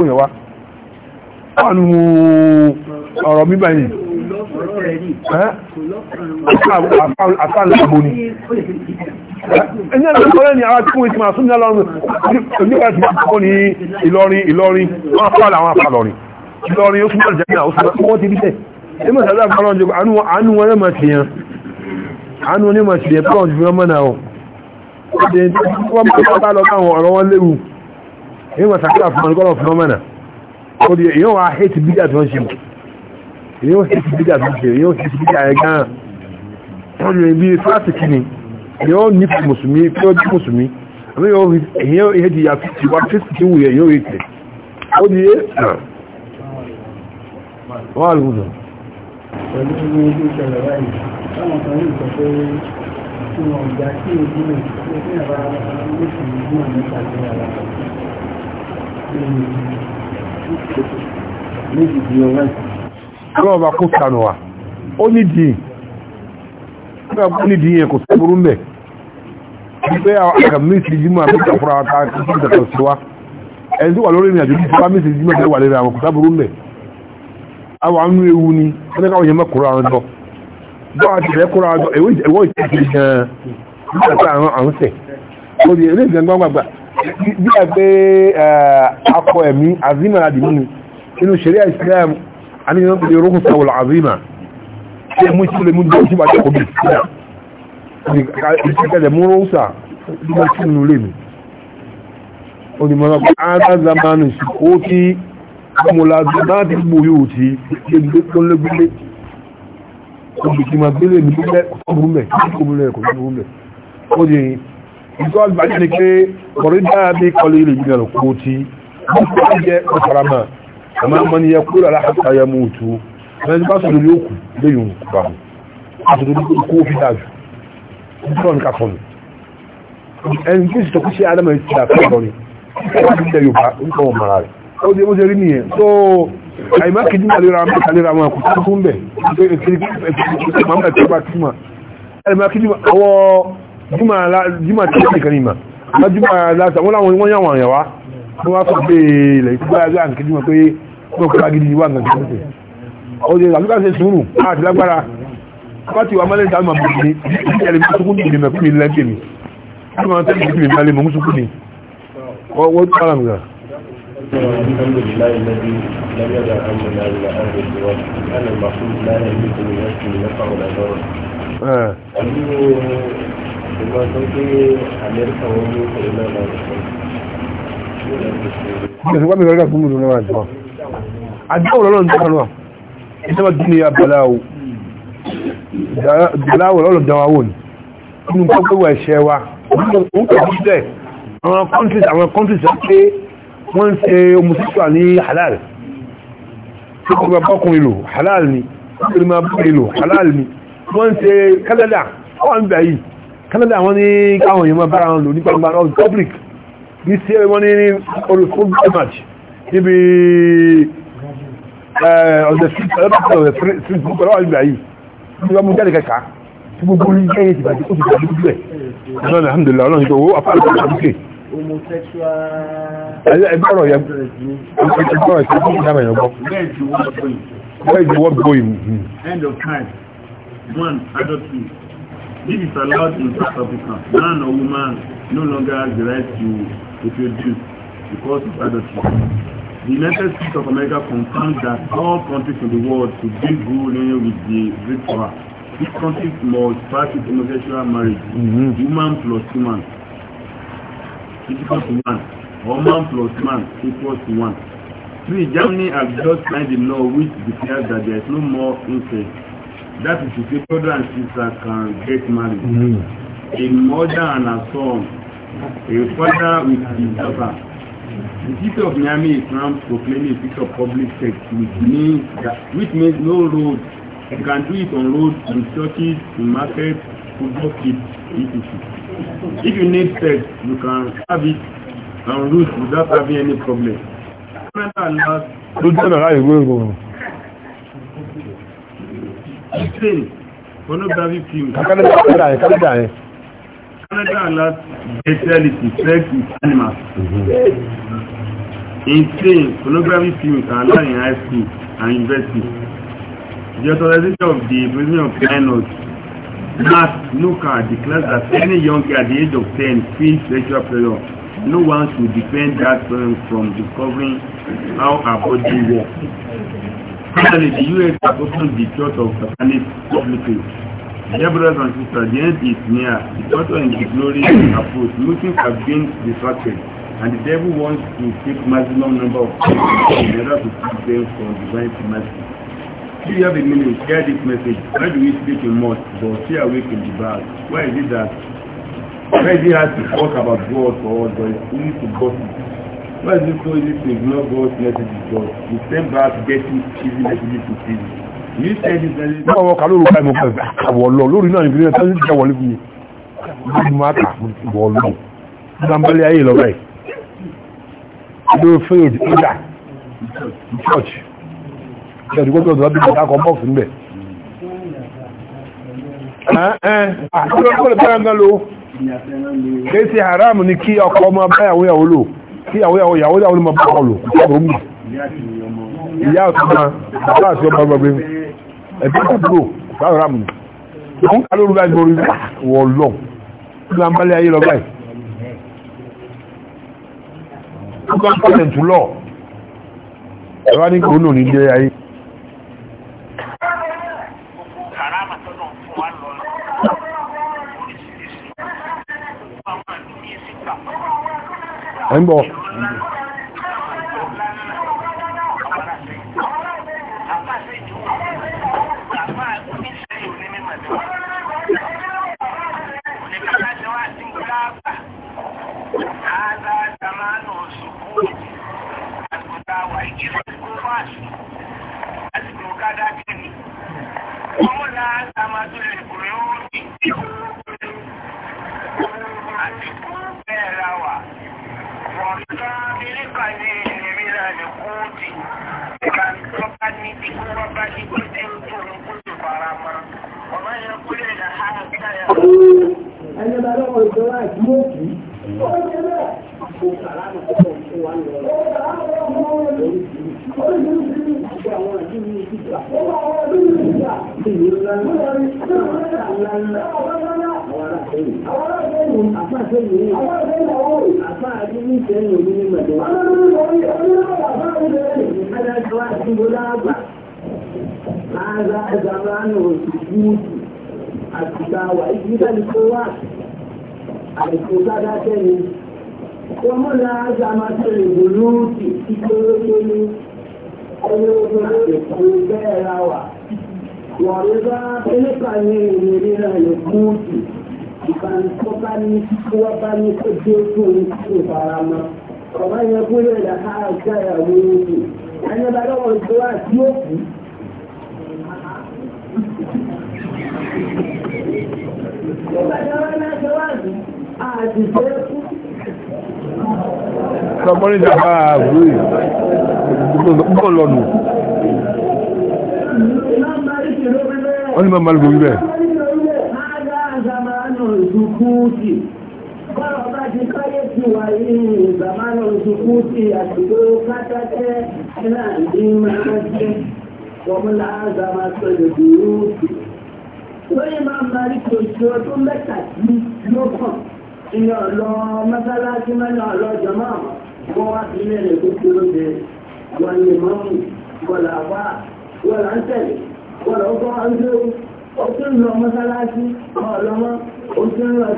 bá ti ànú ọ̀rọ̀ bíbà yìí àfáàlàbò ni ẹni àtàkọ́lẹ́ ni ara tí kò ìtìmọ̀ àsúnjẹ́ lọ́rùn nígbà tí kọ́ ní Ìlọrin Ìlọrin wọ́n àfáàlà àwọn àfàlọ́rin Ìlọrin ó súnmọ́ ìjẹ́mìnà ó súnmọ́ wọ́n ti rí tẹ́ ẹmọ́ sàdá àfàlọ́rin jẹ́ àánú wọn lẹ́mọ̀ ti yẹn àánú wọn lẹ́mọ̀ ti yẹn pọ́n ju ọmọ náà ó wọ́n mọ́ ó di èyàn wà hate bídà tó ń ṣe mọ̀ èyàn hate bídà tó ń ṣe èyàn hate bídà ẹ̀ gan-an wọ́n lè bí fásitì kìíní èyàn ní fi mùsùlùmí tí ó jí mùsùlùmí àmì èyàn hate ya fífi wá fífi tí wù yẹ èyàn hate ó di é ah. wọ́n á ọlọ́ọ̀bá kó sànù wà ó ní dìín ó ní dìín yẹn kò sẹ́gbùrú mẹ́ pé àkà mísì jímọ̀ àpẹta fúra ta kí ìdàkọ̀ sí wá ẹni tí wà lórí ìrìnàjò ní ìfúra mísì jímọ̀ tẹ́lẹ̀ ewu ni ẹnẹ́kàwọ̀ yẹn mẹ́kùnrin àwọn bí a pé eh, akọ ẹ̀mí azima láti mú inú sharia islam a ní ìrọ́pìlẹ̀ orókùn sàwọ̀lá azima tí ẹmú ìṣẹ́lẹ̀ mú jẹ́ ìṣẹ́bà jẹ́ kòbí ìṣẹ́kẹ̀lẹ̀ mú rọ́ọ̀sà nígbà tí inú lè mi olùmọ̀lọ́pọ̀ ara zamanu ìṣìkó tí ọmọlàdù náà ti gbò yóò ti gbégbé tó légbélé olùgbìmọ̀ gbélé mi lẹ́ ìtọ́ àgbàjá ni pé kọ̀rídà bí kọlu ilẹ̀ ìgbìyànjú kó tí wọ́n tó ń jẹ́ ọ̀sàràmà àmà mọ́ ni yẹ kúrò aláhàtà ya mú òtú ẹni bá sọ̀rọ̀ ní òkú léyìn òkúpa mú àtòrò ní kó fi dájú ìtọ́ ní kàfọ́nù ẹni tí ìsìtọ́ kú sí adama ti àfẹ́rọ̀ ni ìtọ́ ní ilẹ̀ yorùbá ń kọ́ ọmọ rẹ̀ ó di mọ́jẹ́ rí nìyẹn tó àìmá kìí kàlera mọ́ kàlera mọ́ kò tó tún bẹ̀ ẹ̀ẹ́dẹ̀ẹ́dẹ̀ juma tí ó kàn ìmà juma láta wọ́n láwọn wọ́n yàwọn àyàwá wọ́n wá fún pé ilẹ̀ ìtúgbà yàgbà nǹkan juma pé kókò agidi wà nǹkan tó ṣe ọdẹ àlúkà ṣe sùúrù àti lágbára pàtí wà mọ́lẹ̀ ìdáhùn àmọ́ ìdílé ìdílé mi sókún ìdílé mẹ́kún mi lẹ́ńtẹ̀ mi wọ́n máa tẹ́lẹ̀ ìdílé mi lálẹ́ mọ́ sókún ni wọ́n tó ara mi gà. الحمد لله الذي لم يدع أمرنا إلى أهل الزواج أنا المحمود لا يملك من ṣùgbọ́n tó gbé amẹ́ríkà wọn ní ìpínlẹ̀ náà lọ sí ọ̀sẹ̀ wọ́n mi rẹ̀ fún mi lọ́wọ́ àjọ àjọ lọ́lọ́ ní ọ̀nà ìjọba dúnú ya balawo balawo lọ́lọ́ dáwọ́ ní inú kọ́kọ́ wà ẹ̀ṣẹ́ wa wọ́n kọ̀ sí bẹ́ẹ̀ àwọn countries àwọn countries wọ́n pé wọ́n ń ṣe homosexual ní halal tí kò bá bọ́kùnrin lò halal ni kò bá bọ́kùnrin lò halal ni wọ́n ń ṣe kálẹ́dà wọ́n ń bẹ̀ yìí Canada àwọn ní káwọn èèyàn máa bára wọn lò nípa ìgbà all public ní sí ẹ̀rẹ́ wọ́n ní olùfúnbẹ̀ match níbi ọ̀dẹ̀ street ọ̀dẹ̀ street group ọlọ́wà ìgbà yìí ní wọ́n mú jáde kẹka tí gbogbo ní kẹ́yìn ti bàjẹ́ ó ti bàjẹ́ gbogbo ẹ̀ ọlọ́run alhamdulillah ọlọ́run ìjọ owó apá àlùkò àbúkè ẹgbẹ́ ọ̀rọ̀ yẹn ẹgbẹ́ ọ̀rọ̀ ìṣẹ́jú ìdámẹ̀ yẹn gbọ́ bẹ́ẹ̀ ju wọ́n gbóyìn end of time one adult two This is allowed in South Africa. Man or woman no longer has the right to reproduce because of adultery. The United States of America confirmed that all countries in the world should be ruling with the ritual. This country must pass its homosexual marriage, mm-hmm. woman plus woman equals to one, or man plus man equals to one. Three, Germany has just signed a law which declares that there is no more incest that is to say brother and sister can get married mm. a mother and her son a father with his daughter the city of Miami is now proclaiming a piece of public sex which means that which means no road you can do it on road in churches in market football field etc if you need sex you can have it on route without having any problem. Canada allows britain pornography film canada yẹn canada allows bestiality sex with animals in train pornography films are allowed in high school and university the authorization of the provision of minors Matt Nuka declares that any young girl at the age of 10 feels sexual pleasure. No one should defend that person from discovering how her body works. Finally, the U.S. has opened the Church of Satanic publicly. Dear brothers and sisters, the end is near. The battle and the glory is approach. Muslims have been distracted, and the devil wants to take maximum number of people in order to keep them from divine mercy. If you have a minute, share this message. Why do we speak in mosque but stay awake in the bar? Why is it that? Why is it hard to talk about God for us, but it's only to gossip? Why is it so easy to ignore God's messages but you send back dirty cheesy messages to TV? You said this message. Báwo wọ́n ká ìmọ̀ pẹ̀lú àwọ̀ lọ lórí náà ìbílẹ̀ tó ń jẹ́ wọlé fún Bí máa kà wọ̀ lọ. Nàmbẹ́lẹ́ ayé lọ báyìí. Ló fèrè ìjà church. Ṣé ìdíkọ́ tó dọ̀dọ̀ bí mo dákọ̀ ń bẹ̀? Àkókò tó ń bẹ̀rẹ̀ ń lò. Kèsì haram ni kí ọkọ ọmọ báyàwó yàwó lò kí àwọn ìyàwó ìyàwó ìyàwó ma bọ́ ọlù ìyàwó mú ìyá ọ̀tọ́gbà bàbá àti ọmọ ọgbẹ̀gbẹ̀ ẹ̀bí kúrò báwọn rámù ọ̀hún kà lórí báyìí lórí ah, wọ̀ lọ kí la ń bálẹ̀ ayé lọ báyìí ọgbà pàtẹ́ntù lọ ẹ̀wá ní kòrónà ní ilé ayé ẹ̀ ń bọ̀ kuingiza kufani asimukada chini kuona hata mazuri kuyoni asikuperawa wamkabilikani nemilani kuti kamtokani tikubabani kuti mturukuti barama ìjọba ìdúró kìí, ó ń gbogbo sàlámù tó kọ̀ fún wa lọ lóríṣiríṣi àwọn ìlú ní ìdíjà ìlú ńlá ńlá ńlá àwọn aláàbẹ̀yìn àfáàbẹ̀yìn ní àfáàbí ní ìṣẹ́yìn òní ní mẹ̀lẹ́ adájọ́ àti ìgbóláàgbà láàárá ẹgbàmánù òṣìṣú àtìgbà wà ìgbìdánilówà àìkú sádákẹ́ni Wọ́mọ́lá Azamátẹ́ ìgbòlóòtì tí kéré kéré ẹni ogun láti kú bẹ́ẹ̀ ra wà. Wọ́n rí bá pélépà ní ìwé rírà lè kú òtì. Ìkànnìkọ́ bá ní kí wọ́n bá ní kó dé fún ní kí ó fara mọ́. Ọ̀bá yẹn kú lè dà ká àgbà ìyàwó òtì. Ẹni bá lọ mọ́rí ìjọba àgbóyè púpọ̀ lọ́nu wọ́n ni mọ́mọ́ lọ́gbọ̀n bẹ́ẹ̀ ti káyé ti wà ní ìgbàmánà òṣùkú ti àtìgbò kátàkẹ́ ẹ̀rà ní máa jẹ́ fọ́múlà àgbàmà sọ̀rọ̀ ìrú òsì. lóyìn máa ń marí kí oṣù ọdún mẹ́ta sí lókàn ìyàn lọ mọ́sálásí mẹ́rin ọlọ́jọ́ máa wọ́n wá sí ilé rẹ̀ tó tó lóde àwọn ilé mọ́mù wọ̀là àbá wọ̀là ń tẹ̀lé wọ̀là ó bọ́ ọdún ó ń lọ mọ́sálásí ọ̀lọ́mọ́ ó ń lọ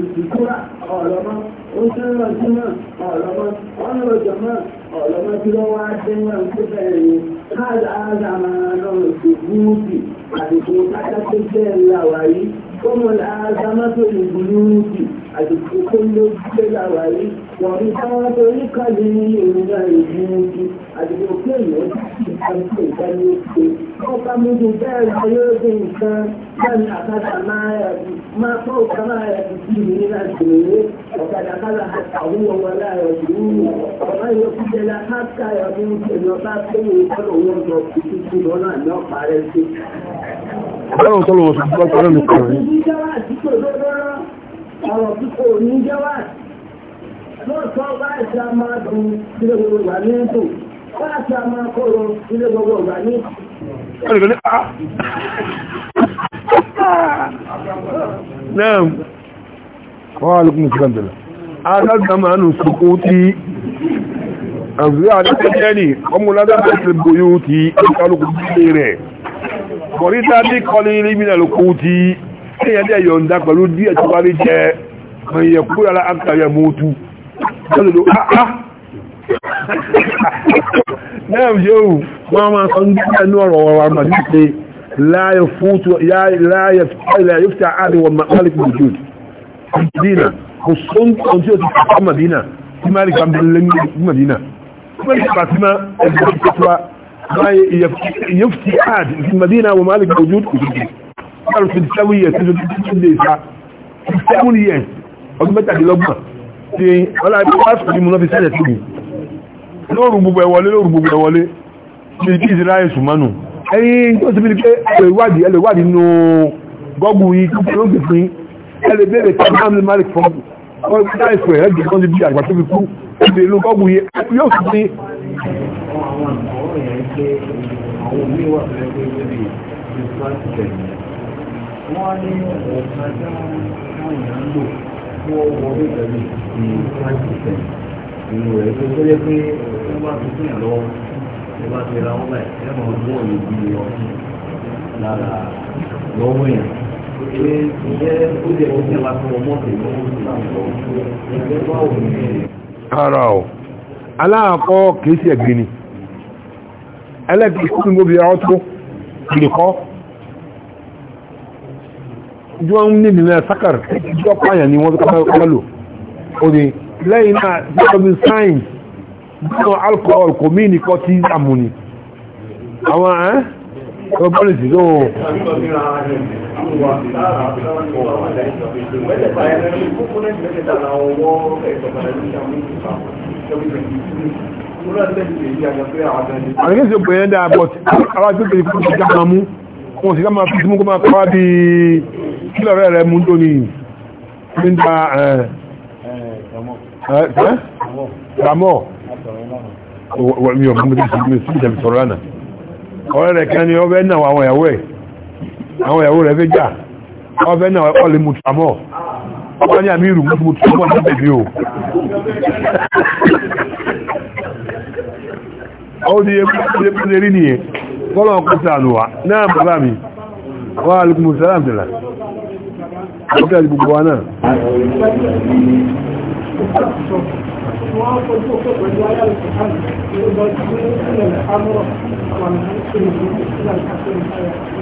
ìdìkúrà ọ̀lọ́mọ́ ó ń lọ jímọ̀ ọ̀lọ́mọ́ wọ́n lọ jọ̀mọ́ ọ̀lọ́mọ́ tí wọ́n wá dé wọn tó bẹ̀rẹ̀ ni káàdà áza máa lọ sí gúúsì àdìgbò kájá tó bẹ́ẹ̀ ń là wáyé ó mọ àgbàmọ́tò ìgbìlúùkì àdìgbò tó lójú pé láwàárí wọ́n ń bá wọn torí kàlí òmìnira ìgbìlúùkì àdìgbò pé èèyàn ti àti ìdáni òkè wọ́n bá mú ju bẹ́ẹ̀ lọ yóò dé nǹkan láti àkàtà máa yàtì máa tó ọ̀gá máa yàtì sí ìmìnira ìgbìlúùkì ọ̀kadà kálá àwọn ọmọ aláyọ̀ ìlú ọ̀gá yóò fi jẹ́ láká ọlọ́run tọ́lọ̀ wọ́n tó gbọ́gbọ́n ní kọ̀rọ̀ ní Náà wọ́n alùkùn ìsìlẹ̀mdìlá. Adájá máa nù sókó tí àzúrí àdájẹ́ ní ọmọ ládájẹ́ ti bóyó tí alùkùn ìsìlẹ̀ rẹ̀ kọ̀ríta bí kọlí límìnà lókú ti ẹ̀yà dẹ̀ yọ̀ǹda pẹ̀lú díẹ̀ tó bá rí jẹ́ ẹ̀yẹ kúrò ara àkàyẹ mọ́tú lọ́dọ̀dọ̀ áá náà yóò wọ́n máa sọ ń gbé ẹnu ọ̀rọ̀ ọ̀rọ̀ àmà ní pé láyé fútu láyé fúta àríwọ̀ malik mujud madina kò sóhun kan tí ó ti kàkà madina tí malik bá ń bẹ̀rẹ̀ lẹ́nu madina ما يفتي عاد في المدينة ومالك موجود قالوا في السوية في الليسة في السوية ọdún mẹ́tàdínlọ́gbọ̀n tí ọlá ibi wá sùn ní múná fi sẹ́lẹ̀ tí lóòrùn gbogbo ẹwọlé lóòrùn gbogbo ẹwọlé tí kí Israel sùmánù ẹ̀yìn tó ti bí pé ẹlẹ́wàdìí ẹlẹ́wàdìí nù gọ́gù yìí tó ló gbè fún ẹlẹ́bẹ̀rẹ̀ tí hamlin malik fún ọdún mẹ́tàdínlọ́gbọ̀n pé àwọn òbí wà fẹ́ pé níbi ìfúráṣì tẹ̀lé wọ́n ní ọ̀sán tí wọ́n yàn ń lò kí wọ́n wọlé pẹ̀lú ìfúráṣì tẹ̀lé nínú rẹ̀ tó tó yẹ pé wọ́n bá ti fún yàn lọ́wọ́ ẹ bá ti ra wọn báyìí ẹ máa gbọ́ òye bí ọtí lára lọ́wọ́ yẹn pé ìjẹ́ ó jẹ́ ó jẹ́ wá fún ọmọ tèmi ó ti bá wọn lọ́wọ́ ẹgbẹ́ bá òun ní ẹ̀rẹ̀. ara o aláàkọ́ kìí ṣe ẹ̀gbin ni ẹlẹ́bí ìkúrú mú bí i ọ́tú ìlẹ̀kọ́ jú wọ́n ní ìlẹ̀ sákàr ìjọ pààyàn ni wọ́n kọ́lọ̀ òní lẹ́yìn náà jẹ́kọ̀bí sáìn nínú alcohol kò mí nìkọ́ tí àmúni àwọn ẹ́ ọgbọ́n ìsì tó Thank you àríkẹ́ sí òpè yẹn dáa but ara tó kèrè fún ìjá máa mú wọn sì ká máa fi mú kó máa kọ́wá bí kílọ̀ rẹ̀ rẹ̀ mú tó ní ní da ramọ́ mi ò mú sí ìjẹ̀bì sọ̀rọ̀ lánàá ọ̀rẹ́ rẹ̀ kan ni ọ fẹ́ náà àwọn ìyàwó ẹ̀ àwọn ìyàwó rẹ̀ fẹ́ jà ọ fẹ́ náà ọ lè mú tramọ́ ọ ní àmì ìrù mú tramọ́ ní bèbí o ó di ẹgbẹ́ rí nìyẹn kọ́lọ̀ ọkùnrin àlùwà náà bàbá mi wà alùkùnmù sàrán tẹ̀lá ọkùnrin àti gbogbo wa náà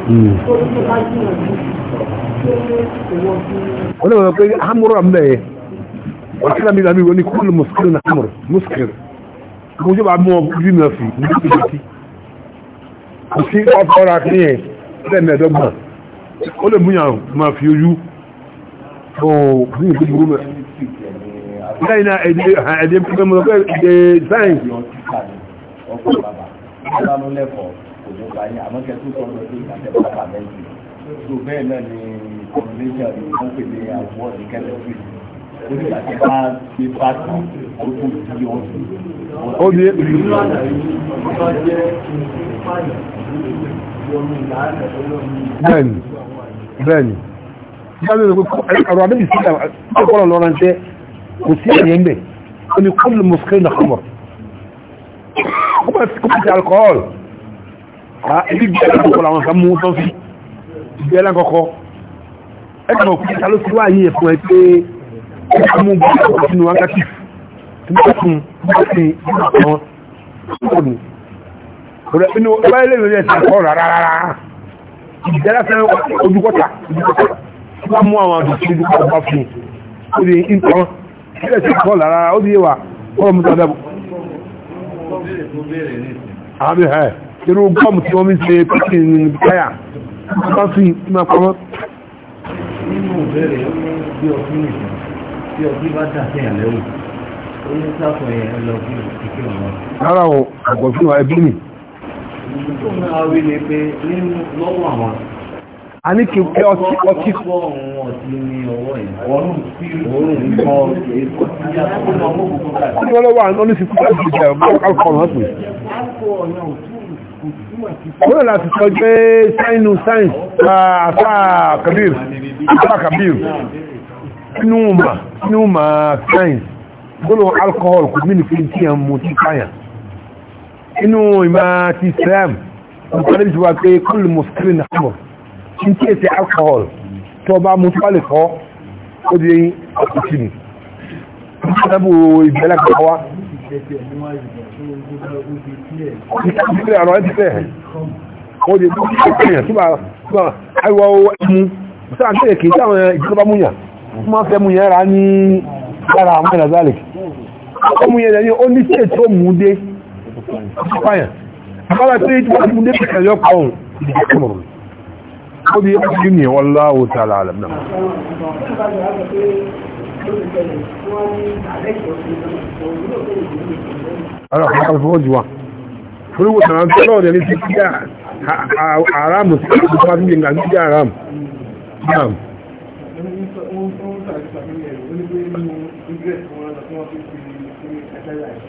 hmm. wọ́n lè pé hamura mẹ́ ọ̀kílá mi lábí wọ́n ní kúrò mùsùlùmí hamura mùsùlùmí mo jẹ́ bá mú ọkùnrin náà fi ní ìdíkì kò sí ọkọ̀ ra kí ẹ̀ lẹ́mẹ̀ẹ́dọ́gbọ̀n ó lè múyàn máa fi ojú ọ̀hún ìpín burú mẹ́ lẹ́yìn náà ẹ̀dẹ́ pípẹ́ mọ́ pẹ́ ẹ̀dẹ́ sáyẹ̀nsì bá gbé bá tán, ó tún di ọdún ó di bẹ́ẹ̀ni bẹ́ẹ̀ni ọ̀rọ̀ àbẹ́bì sí ọ̀pọ̀lọ̀ lọ́rọ̀ jẹ́ kò sí ẹ̀yẹ ń bẹ̀ ó ní kọ́lù mọ̀síkẹ́ ìnà kọmọ̀ kọ́mọ̀ sí alcohol ibi gbẹ̀rẹ̀ kọ́kọ́ mú tán tìmọ́tì tìmọ́tì ilé ìrìn ẹ̀sìn ẹ̀kọ́ rárá rárá ìjẹ́lá fẹ́ wọ́n mú àwọn àdùsí ojúkọ́ bá fún ó di nǹkan ilé rárá ó di ọ̀rọ̀ mú tọ́jú rárá o àgbọ̀ fún ẹbí mi a ní kí ẹ ọtí ọtí ọdún ọlọ́wà ọdún sí kúrò sí ìjẹ̀ ọmọ ọkùnrin kúrò láti sọ pé sáínú sáìn àfá kabir àfá kabir nínú ma sáìn gbọ́nà alcohol kò mínú fi tí a mú tí káyà inú ìmá ti islam ọ̀pọ̀lẹ́ bí wà pé kúlù muslim hamur tí tí èsì alcohol tó bá mú tí wálè kọ́ ó di ọ̀pọ̀tí ni sábò ìbẹ̀lẹ̀ kọ́wá ó di ọ̀pọ̀tí lára àwọn ẹ̀nà zalik ọmọ yẹn lẹ́yìn ó ní sí ètò òmùdé fáyàn bára tí ó ti múdé pẹ̀lú ẹ̀yọ́ kan ìdíje kọmọrùn ó di ẹ̀kọ́ yìí ní wallahu ta'ala alam náà ara kan kan fọwọ́ jù wa fúrúwò tàn án tọ́lọ̀ rẹ̀ ní sí kíkà àràmù sí kíkà àràmù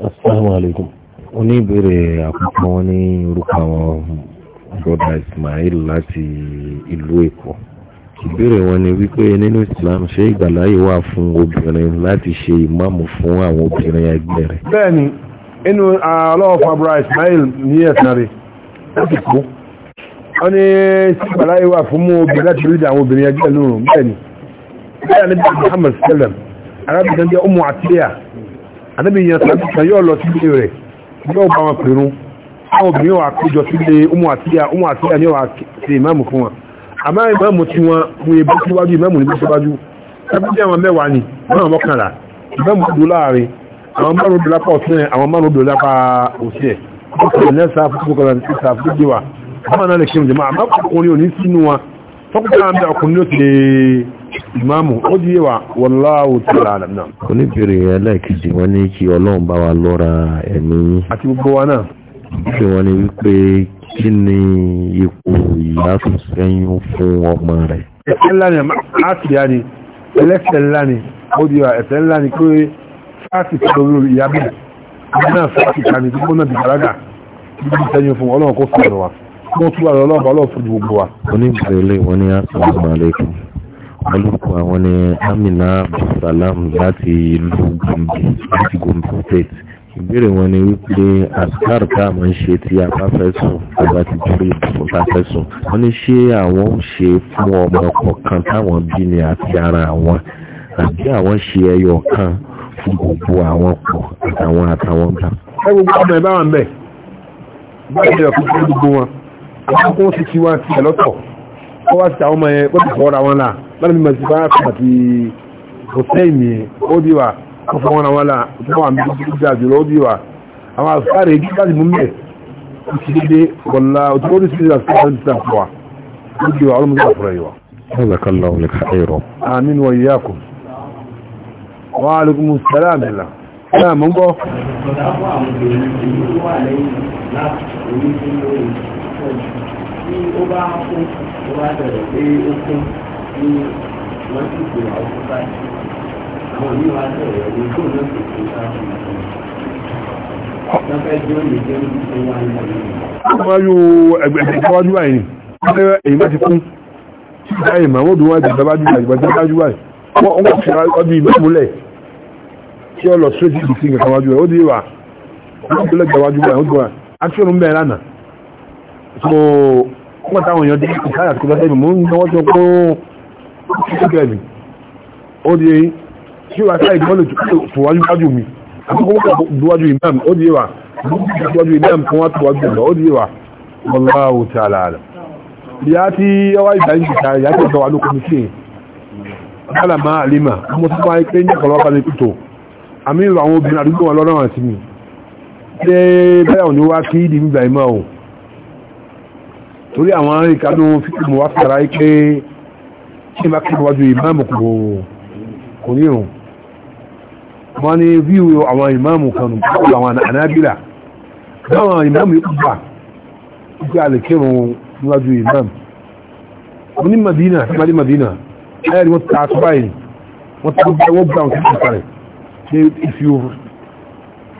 Assalamu alaikum. Ó ní ìbéèrè àkọ́kọ́ wọn ní orúkọ àwọn Bọ́dà Ismail láti ìlú Èkó. Ìbéèrè wọn ni wípé nínú Islam ṣé ìgbàláyè wà fún obìnrin láti ṣe ìmáàmù fún àwọn obìnrin ẹgbẹ́ rẹ̀? Bẹ́ẹ̀ni, inú ọlọ́ọ̀fà Bọ́dà Ismail ní ẹ̀sán rẹ̀ láti kú. Ó ní sí ìgbàláyè wà fún obìnrin láti rí àwọn obìnrin ẹgbẹ́ lóòrùn bẹ́ẹ̀ni. Bẹ́ẹ̀ni, Muhammad Sallam, arábìnrin jẹ́ ọmọ àtíyà anábì yẹn sàbí kan yóò lọ sílé rẹ̀ yóò bá wọn pèrún àwọn obìnrin wà péjọ sílé umu àtíyà umu àtíyà ni wà sí ìmáàmù fún wọn àmá ìmáàmù tí wọn mú ebú síwájú ìmáàmù níbi síwájú ẹbí jẹ́ àwọn mẹ́wàá ni márùn mọ́kànlá ìmáàmù dùn láàrin àwọn márùn dùn lápá ọ̀sẹ̀ àwọn márùn dùn lápá ọ̀sẹ̀ ọkùnrin náà sáà fún kọkànlá ní sáà fún gbé wa àwọn náà lè ṣe ìmáàmù ó di yé wa wọláwù tí ó láàrín náà. oníbèrè ẹlẹ́ẹ̀kejì wọn ní wa lọ́ra ẹ̀mí. ati gbogbo wa náà. kí won ní pe kí ni ipò ìyá seyun sẹ́yìn fún ọmọ rẹ̀. ẹ̀ṣẹ̀ ma ni àtìyá ni ni ó di wa ẹ̀ṣẹ̀ ńlá ni pé sáàsì tó lórí ìyá bẹ́ẹ̀ ọdún náà wa olùkọ àwọn ni Amina Abdulsalam láti ìlú Gombe láti Gombe state ìbéèrè wọn ni wípé askar tá a máa ń ṣe tí a bá fẹ́ sùn àgbà ti dúró ìbùsùn tá a fẹ́ sùn wọ́n ní ṣé àwọn ń ṣe fún ọmọ kọ̀ọ̀kan táwọn bí ni àti ara àwọn àbí àwọn ṣe ẹyọ kan fún gbogbo àwọn pọ̀ àtàwọn àtàwọn gbà. ẹ gbogbo ọmọ ẹ bá wà ń bẹ báyìí ọkùnrin gbogbo wọn àwọn kò ń ti tiwa tiẹ̀ lọ́tọ̀ wọ́n wá sí àwọn ọmọ yẹn wọ́n ti fọ́ ra wọn là lọ́nà mímọ̀ sí báyà fún hussein yẹn ó di wa ó fọ́ ra wọn là tó wà mí tó dà jùlọ ó di wa àwọn àsáré kí láti mú mẹ́ ó ti dédé wọ́lá ó ti ó sí ìlà sí ìlà sí àfọwà ó di wa ọlọ́mọdé àfọ̀rọ̀ yìí wa. ọlọ́kàlá olè káyọ̀rọ̀. àmín wọ ìyá kù. wọ́n á lókun sẹ́láàmì là náà mú bọ́. ọ̀dà fún àwọn tí ó bá kún ó bá bẹ̀rẹ̀ pé ó kún ní wọ́n sì pè wá òkú báyìí àwọn míì wá bẹ̀rẹ̀ ní kó náà sì pè wá òkú báyìí. Ọmọ yóò ẹgbẹ̀rún ìwájú àìní, èyí máa ti kún, ṣí ìmọ̀ àwọn òdùnwà ìdàbájú àìgbàjú àìgbàjú wọ́n wọ́n fi ọdún ìmọ̀múlẹ̀ tí ọ lọ straight to the nǹkan wájú rẹ̀ ó di wà wọ́n fi lẹ́gbẹ̀ẹ́ wájú rẹ̀ ó di wà action ń bẹ̀rẹ̀ lánàá so wọ́n táwọn èèyàn dé ìkáyà tó lọ́sẹ̀ mú ní wọ́n tó kó ṣíkẹ̀mì ó di èyí tí wà sáà ìgbọ́lù tòwájú mi àkókò wọ́n tòwájú imam ó di èwà tòwájú imam tó wọ́n tòwájú lọ ó di èwà wallahu ta'ala alam ìyá tí ọwá ìgbà yìí kìkà ìyá tí ìgbàwà lókun sí kálà máa àlímà mo tún wáyé pé ní ọ̀pọ̀lọpọ̀ bá ní tó àmì ìlú àwọn obìnrin àdúgbò wọn lọ́rọ̀ wọn sí mi ṣé báyà ò ní wá torí àwọn arìnkánú fíìmù wá fara ike tí ma kí wájú ìmáàmù kò kò ní ìrùn wọ́n ní fíìwò àwọn ìmáàmù kan pẹ̀lú àwọn anábìlà láwọn ìmáàmù yóò gbà ìgbé alẹ́kẹ́rùn níwájú ìmáàmù ní Madina ní Madina ayẹ́ ni wọ́n ta aṣọ báyìí wọ́n ta gbogbo wọ́n gbà wọn kí If you,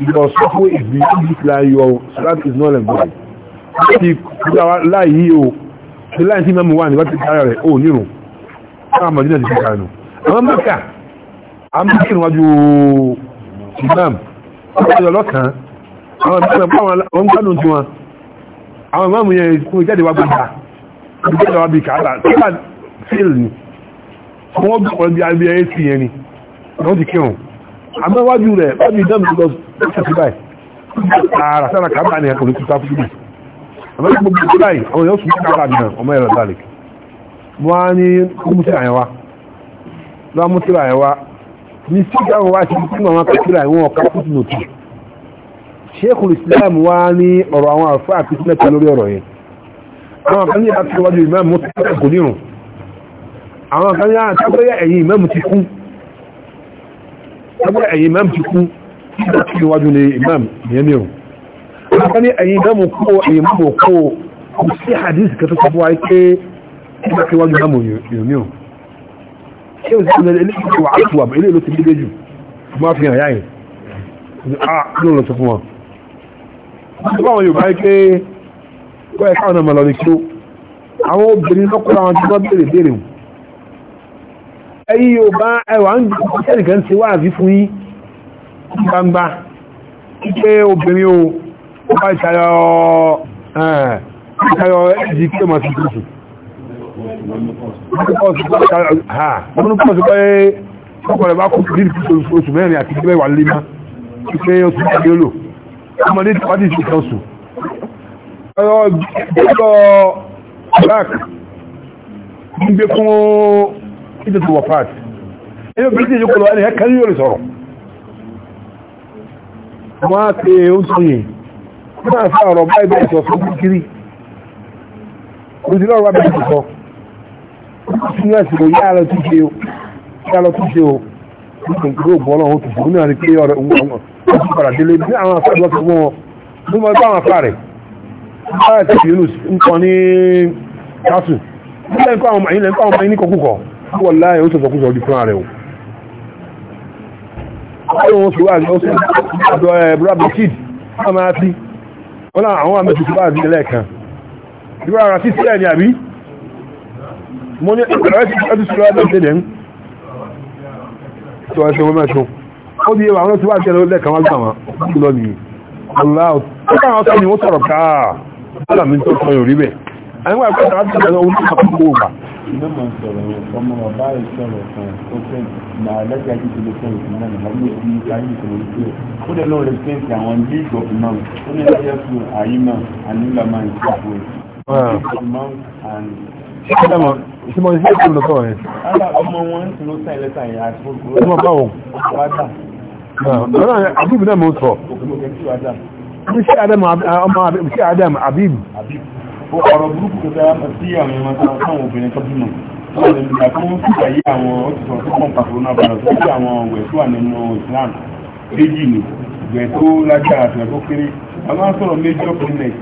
if your software is being used like your slab is not a body, láti kúrò láyé o tí láyé tí mẹ́mù wà ní wọ́n ti kára rẹ̀ ó nírùn fún àmàdínà ti kára nù àwọn mẹ́kà àmàdínà wájú imam ọjọ́ lọ́kàn àwọn mẹ́kà wọn gbádùn tí wọn àwọn mẹ́mù yẹn kún ìjáde wá gbogbo ìjáde wá bí kààlà tí wà fíìl ni wọ́n gbọ́ bí abí ẹ̀ sí yẹn ni wọ́n ti kírun àmọ́ wájú rẹ̀ wájú ìdáàmù tó lọ sí báyìí ààrà sára kàbà ni ẹ̀kọ́ kúta fún àmọ́ gbogbo ìgbà yìí àwọn èèyàn sùn kára àbìnà ọmọ ẹ̀rọ dalek wọ́n á ní kúmùtì àyẹ̀wá lọ́wọ́ mútì àyẹ̀wá ní sí àwọn wá Islam wá ní ọ̀rọ̀ àwọn àfẹ́ àti sílẹ̀kẹ́ lórí ọ̀rọ̀ yẹn àwọn kan ní àtúwájú ìmọ̀ mú kò nírun àwọn kan ní àtúwájú ẹ̀yìn ìmọ̀ ti kú ẹ̀yìn ni akọni ẹ̀yìn dámù kó èyí mú kó kò sí hadith kẹtọ́ sọ fún wa pé ẹgbẹ́ kí wájú dámù yòmíò ṣé o sì fún ẹni tí wà á tù wà ilé ló ti dédé jù máa fi hàn yá yìí a ló lọ sọ fún wa wọ́n bá wọn yóò báyìí pé wọ́n ẹ̀ka ọ̀nà mọ̀lọ́rin kí ó àwọn obìnrin lọ́kùnrin àwọn tí wọ́n béèrè béèrè wọn ẹ̀yí yóò bá ẹwà ń jẹ́ nìkan ti wáàzí fún yín gbangba pé obìnrin o ọba ìtayọ ìtayọ ẹ̀dì pé ma sí kúrùsù ọdún pọ̀sù pé ọkọ̀rẹ̀ bá kú bí oṣù mẹ́rin àti ìgbẹ́ wà lè má pé oṣù mẹ́rin olò ọmọdé ti pàdé ìṣẹ́ oṣù ọjọ́ black ń gbé fún ìdẹ̀tù wọ̀ pàt ẹni obìnrin tí ìyókòlò ẹni ẹ̀kẹ́ yóò lè sọ̀rọ̀ wọ́n á pe oúnjẹ yìí náà fún ọ̀rọ̀ báyìí bẹ́ẹ̀ sọ fún kiri òjìlọ́rọ̀ wá bẹ́ẹ̀ sọ sínú ẹ̀sìn òyà lọ tún o yà lọ tún o nítorí òbọ̀ náà ó tún fún náà ní pé ọ̀rẹ́ òun padà délé bí àwọn afẹ́ lọ́sọ̀ fún wọn bí wọ́n bá wọn fàrẹ̀ báyìí tẹ̀sí yunus nǹkan ní kásù nílẹ̀ nǹkan àwọn màyín lẹ́nkọ́ àwọn màyín ní kọkúkọ wọ́n láyé ó sọ̀kọ̀ kúsọ̀ ọdún fúnra rẹ̀ o. ọ̀rẹ́ wọn sọ wá ní ọ̀sẹ̀ ọ̀dọ̀ ẹ̀ eh, wọ́n náà àwọn àmì tuntun bá bí lẹ́ẹ̀kan bí wọ́n ara sí sílẹ̀ ní àbí mo ní ẹ̀rọ ti ṣe ṣe lọ́wọ́ bẹ́ẹ̀ dẹ̀ ń tọ́ ẹsẹ̀ wọn mẹ́sùn ó di àwọn tí wà sí ẹ̀rọ lẹ́ẹ̀kan wá gbà wọn lọ nìyí aláwọ̀ tó káwọn sọ ni wọ́n sọ̀rọ̀ mẹ́mọ̀ sọ̀rọ̀ yẹn ọmọ bàbá rẹ̀ sọ̀rọ̀ kan ó fẹ́ máa lẹ́jà jíjẹ ló fẹ́ o náà nígbà yóò fi káyé ìṣòro sí ẹ̀ ó dẹ̀ lọ́ọ́ respect àwọn league of man ó ní láyé fún àyínà ànílà máa ń ṣàpò Ìṣẹ́ mọ̀ ìṣẹ́ ìṣẹ́ olùkọ́ rẹ̀. Ọmọ wọn ah, ń tún ó sáì lẹ́sà ìyá àti fókò. Ọmọ báwọn. Wádà. Àbíbù náà mọ̀ sọ. Òkú mọ̀ kẹ́ sí wádà. Ṣé Adam àbíbù? Àbíbù ọ̀rọ̀ burúkú tó dára mọ̀ sí àwọn ẹ̀rọ tó àwọn obìnrin tó bímọ wọ́n lè nígbà tó ń fìgbà yí àwọn ọ̀tún tó kàn pàtó náà bọ̀rọ̀ tó sí àwọn ọ̀wẹ̀ tó wà nínú Islam méjì ni ìgbẹ́ tó lágbára àti ẹ̀kọ́ kéré a máa ń sọ̀rọ̀ major clinic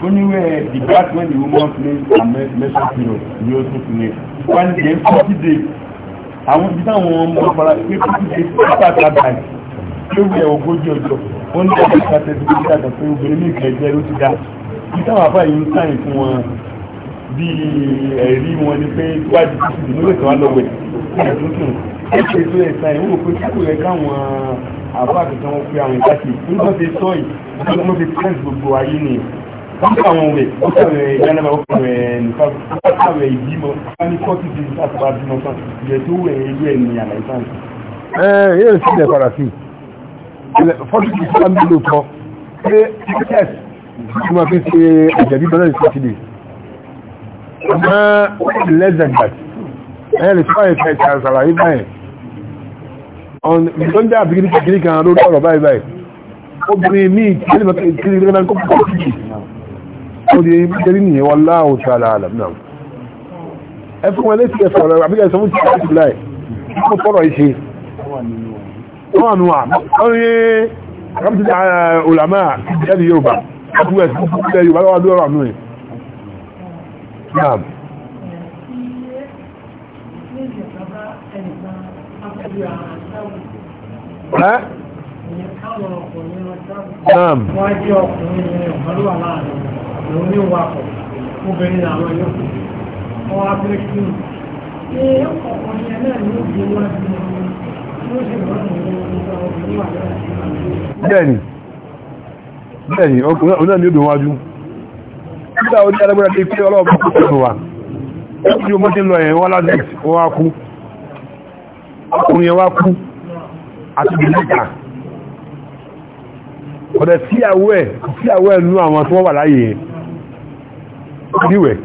tó ní wẹ́ debate when the woman play her menstrual period ní oṣù clinic one day forty days àwọn ibi táwọn ọmọ ọgbàrá pé forty days after that time tó wẹ̀ ogójì ọjọ́ wọ́n ní ọjọ́ ìgbà tẹ̀síwájú àgbà pé obìnrin mi ìtàwọn àfáà yìí ń sáyìn fún wọn bí ẹ̀rí wọn ni pé wájú títí ló lè tán lọ́wẹ̀ ẹ̀dúnkùn ẹ̀ṣẹ̀ tó ẹ̀ sáyìn wò pé kíkò yẹ káwọn àfáà tuntun wọn pé àwọn ìdákì nígbà tí sọ yìí wọn fi pẹ́ǹsì gbogbo ayé ni wọ́n kà wọn wẹ̀ wọ́n kà wẹ̀ ìyánábà wọ́n kà wẹ̀ nípa wọ́n kà wẹ̀ ìbímọ wọ́n ní fọ́tí ti nípa tó bímọ tán ìyẹ̀ tó wẹ̀ ẹ̀rú ẹ̀ ní àlàyé sáyìn. ẹ ẹ yóò sì lẹ padà sí fọ́tí ti sáà ń bí lóòótọ́ pé tí wọ́n fi ṣe àjẹ̀bí bọ́lá ìsọ́kìdì ọmọ lẹ́zẹ̀gbàt ẹ̀yẹ́ lè fọ́ ẹ̀ka ẹ̀ka ṣàlàyé báyìí ọ̀n jẹ́ àbíkiri kékeré kan lórí ọ̀rọ̀ báyìí báyìí obìnrin míì tí ẹni mọ̀kẹ́ kiri kiri náà kọ́kọ́ kìkì ó di ẹni nìyẹn wọn láàwọ̀ sàlà àlàm náà ẹ fún wọn létí ẹsọ rẹ àbíkẹ́ ẹsọ fún títí láti láì kó tọrọ ìṣe wọn nù wà lórí ọlọ́mọ ọdún ẹ̀sìn fún ilẹ̀ Yorùbá lọ́wọ́ lọ́rọ̀ àánú ẹ̀ Naam. Wọ́n jẹ́ ọkùnrin ní ọ̀gbọ́lúwà láàrin, lòun ní wakọ̀, obìnrin àwọn yóò. Wọ́n á bẹ́ kí ní. Ṣé ọkùnrin ẹ̀ náà ní ó gbé wá sí ọmọ, ló sì rọ́ọ̀rùn ní ọmọ obìnrin wà láàrin. Bẹ́ẹ̀ni bẹ́ẹ̀ni ọkùnrin náà ni ó dùn wájú nígbà ó ní alágbára tí pé ọlọ́ọ̀bá kú sí wa tí ó mọ́tí lọ ẹ̀yẹn wọ́n lásìk wọ́n wá kú ọkùnrin wá kú àti bìlíkà ọ̀dẹ̀ síyàwó ẹ̀ síyàwó ẹ̀ nú àwọn tí wọ́n wà láyé ríwẹ̀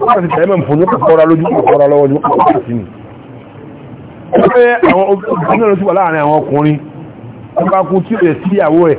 wọ́n ti tẹ̀lẹ́mọ̀ fún ní kọ̀kọ́ra lójú kọ̀kọ́ra lọ́wọ́ ní kọ̀kọ́ra sí ni wọ́n pé àwọn obìnrin náà wà láàrin àwọn ọkùnrin wọ́n tí ó yẹ síyàwó ẹ̀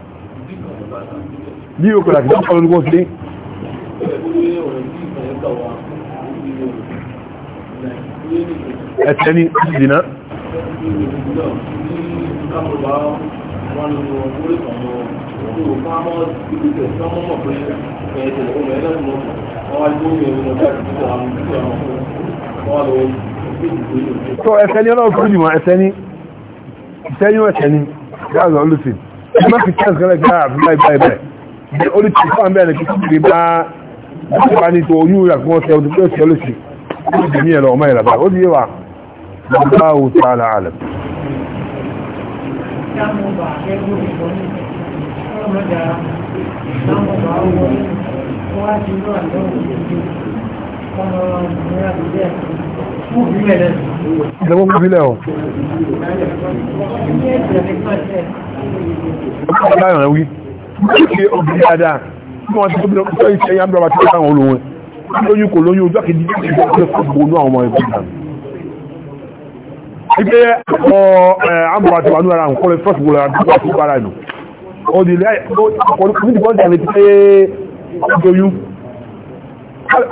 bí o kọ̀lá kìí ọ̀pọ̀ olùkọ́ sílé ẹ̀tẹ́ ní ìdìnà tó ẹ̀tẹ́ ní ọlọ́run fún ìmọ̀ ẹ̀tẹ́ ní ìtẹ́yìn ẹ̀tẹ́ ní gáàzọ̀ olùsìn ẹ̀mọ́ fi kẹ́ ní orí tí fún bẹ́ẹ̀ kí kí bá bá ní tó oyún ìyà fún ọ̀sẹ̀ ọdún pẹ́ẹ̀sì ọlọ́sì ó dì ní ẹ̀rọ ọmọ ìrọ̀bá ó díẹ̀ wà lọ́gbà òta ara rẹ̀ Ìjọba mú bílẹ̀ ọ̀. Ọkọ̀ ọ̀dá ìrànwí ṣe obìnrin dáadáa tí wọ́n ti tóbi lọ sọ ìṣẹ́ yá bíra tí wọ́n táwọn olówó lóyún kò lóyún ojú àkejì tí wọ́n ti kó gbónú àwọn ọmọ ẹgbẹ́ náà ipe ọ àmọ́ àti wàánu ara nǹkan rẹ̀ fọ́sì wọlé àdúgbò àti ìbára ìlú ọdún ilé ọkọ̀ ní ìbọn ìdàmì ti pé ọdọyún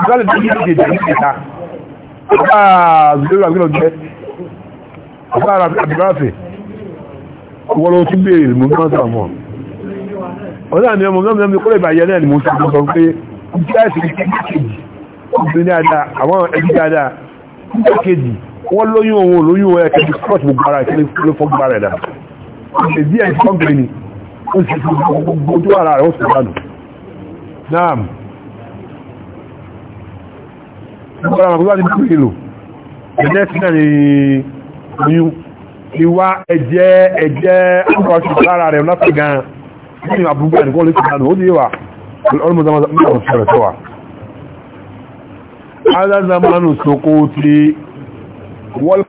gbálẹ̀ tó yí ìdè ìdè ìta ọba zùlẹ́rù àgbẹ̀lọ̀ jẹ́ ọba àbúráfẹ̀ wọ́n lọ tún bèèrè mú mọ́sàn-án ọ̀dá mi ọmọ mẹ́mí kúrò ìbàjẹ́ náà ni mo sọ sọ pé kíláàsì kejì obìnrin dáadáa àwọn ẹbí dáadáa nígbà kejì wọ́n lóyún òun olóyún ẹ̀ kẹjì cross ni oyún ìwà ẹ̀jẹ̀ ẹ̀jẹ̀ àwọn ọ̀ṣùgbọ́n ara rẹ̀ lọ́pẹ̀ gan-an ní àbúgbà ẹ̀nìkan lè ṣìdánù ó díyẹwà ọlọ́mọdámọ́ ṣẹlẹ̀ tó wà aláàzámánù sókó ti wọ́l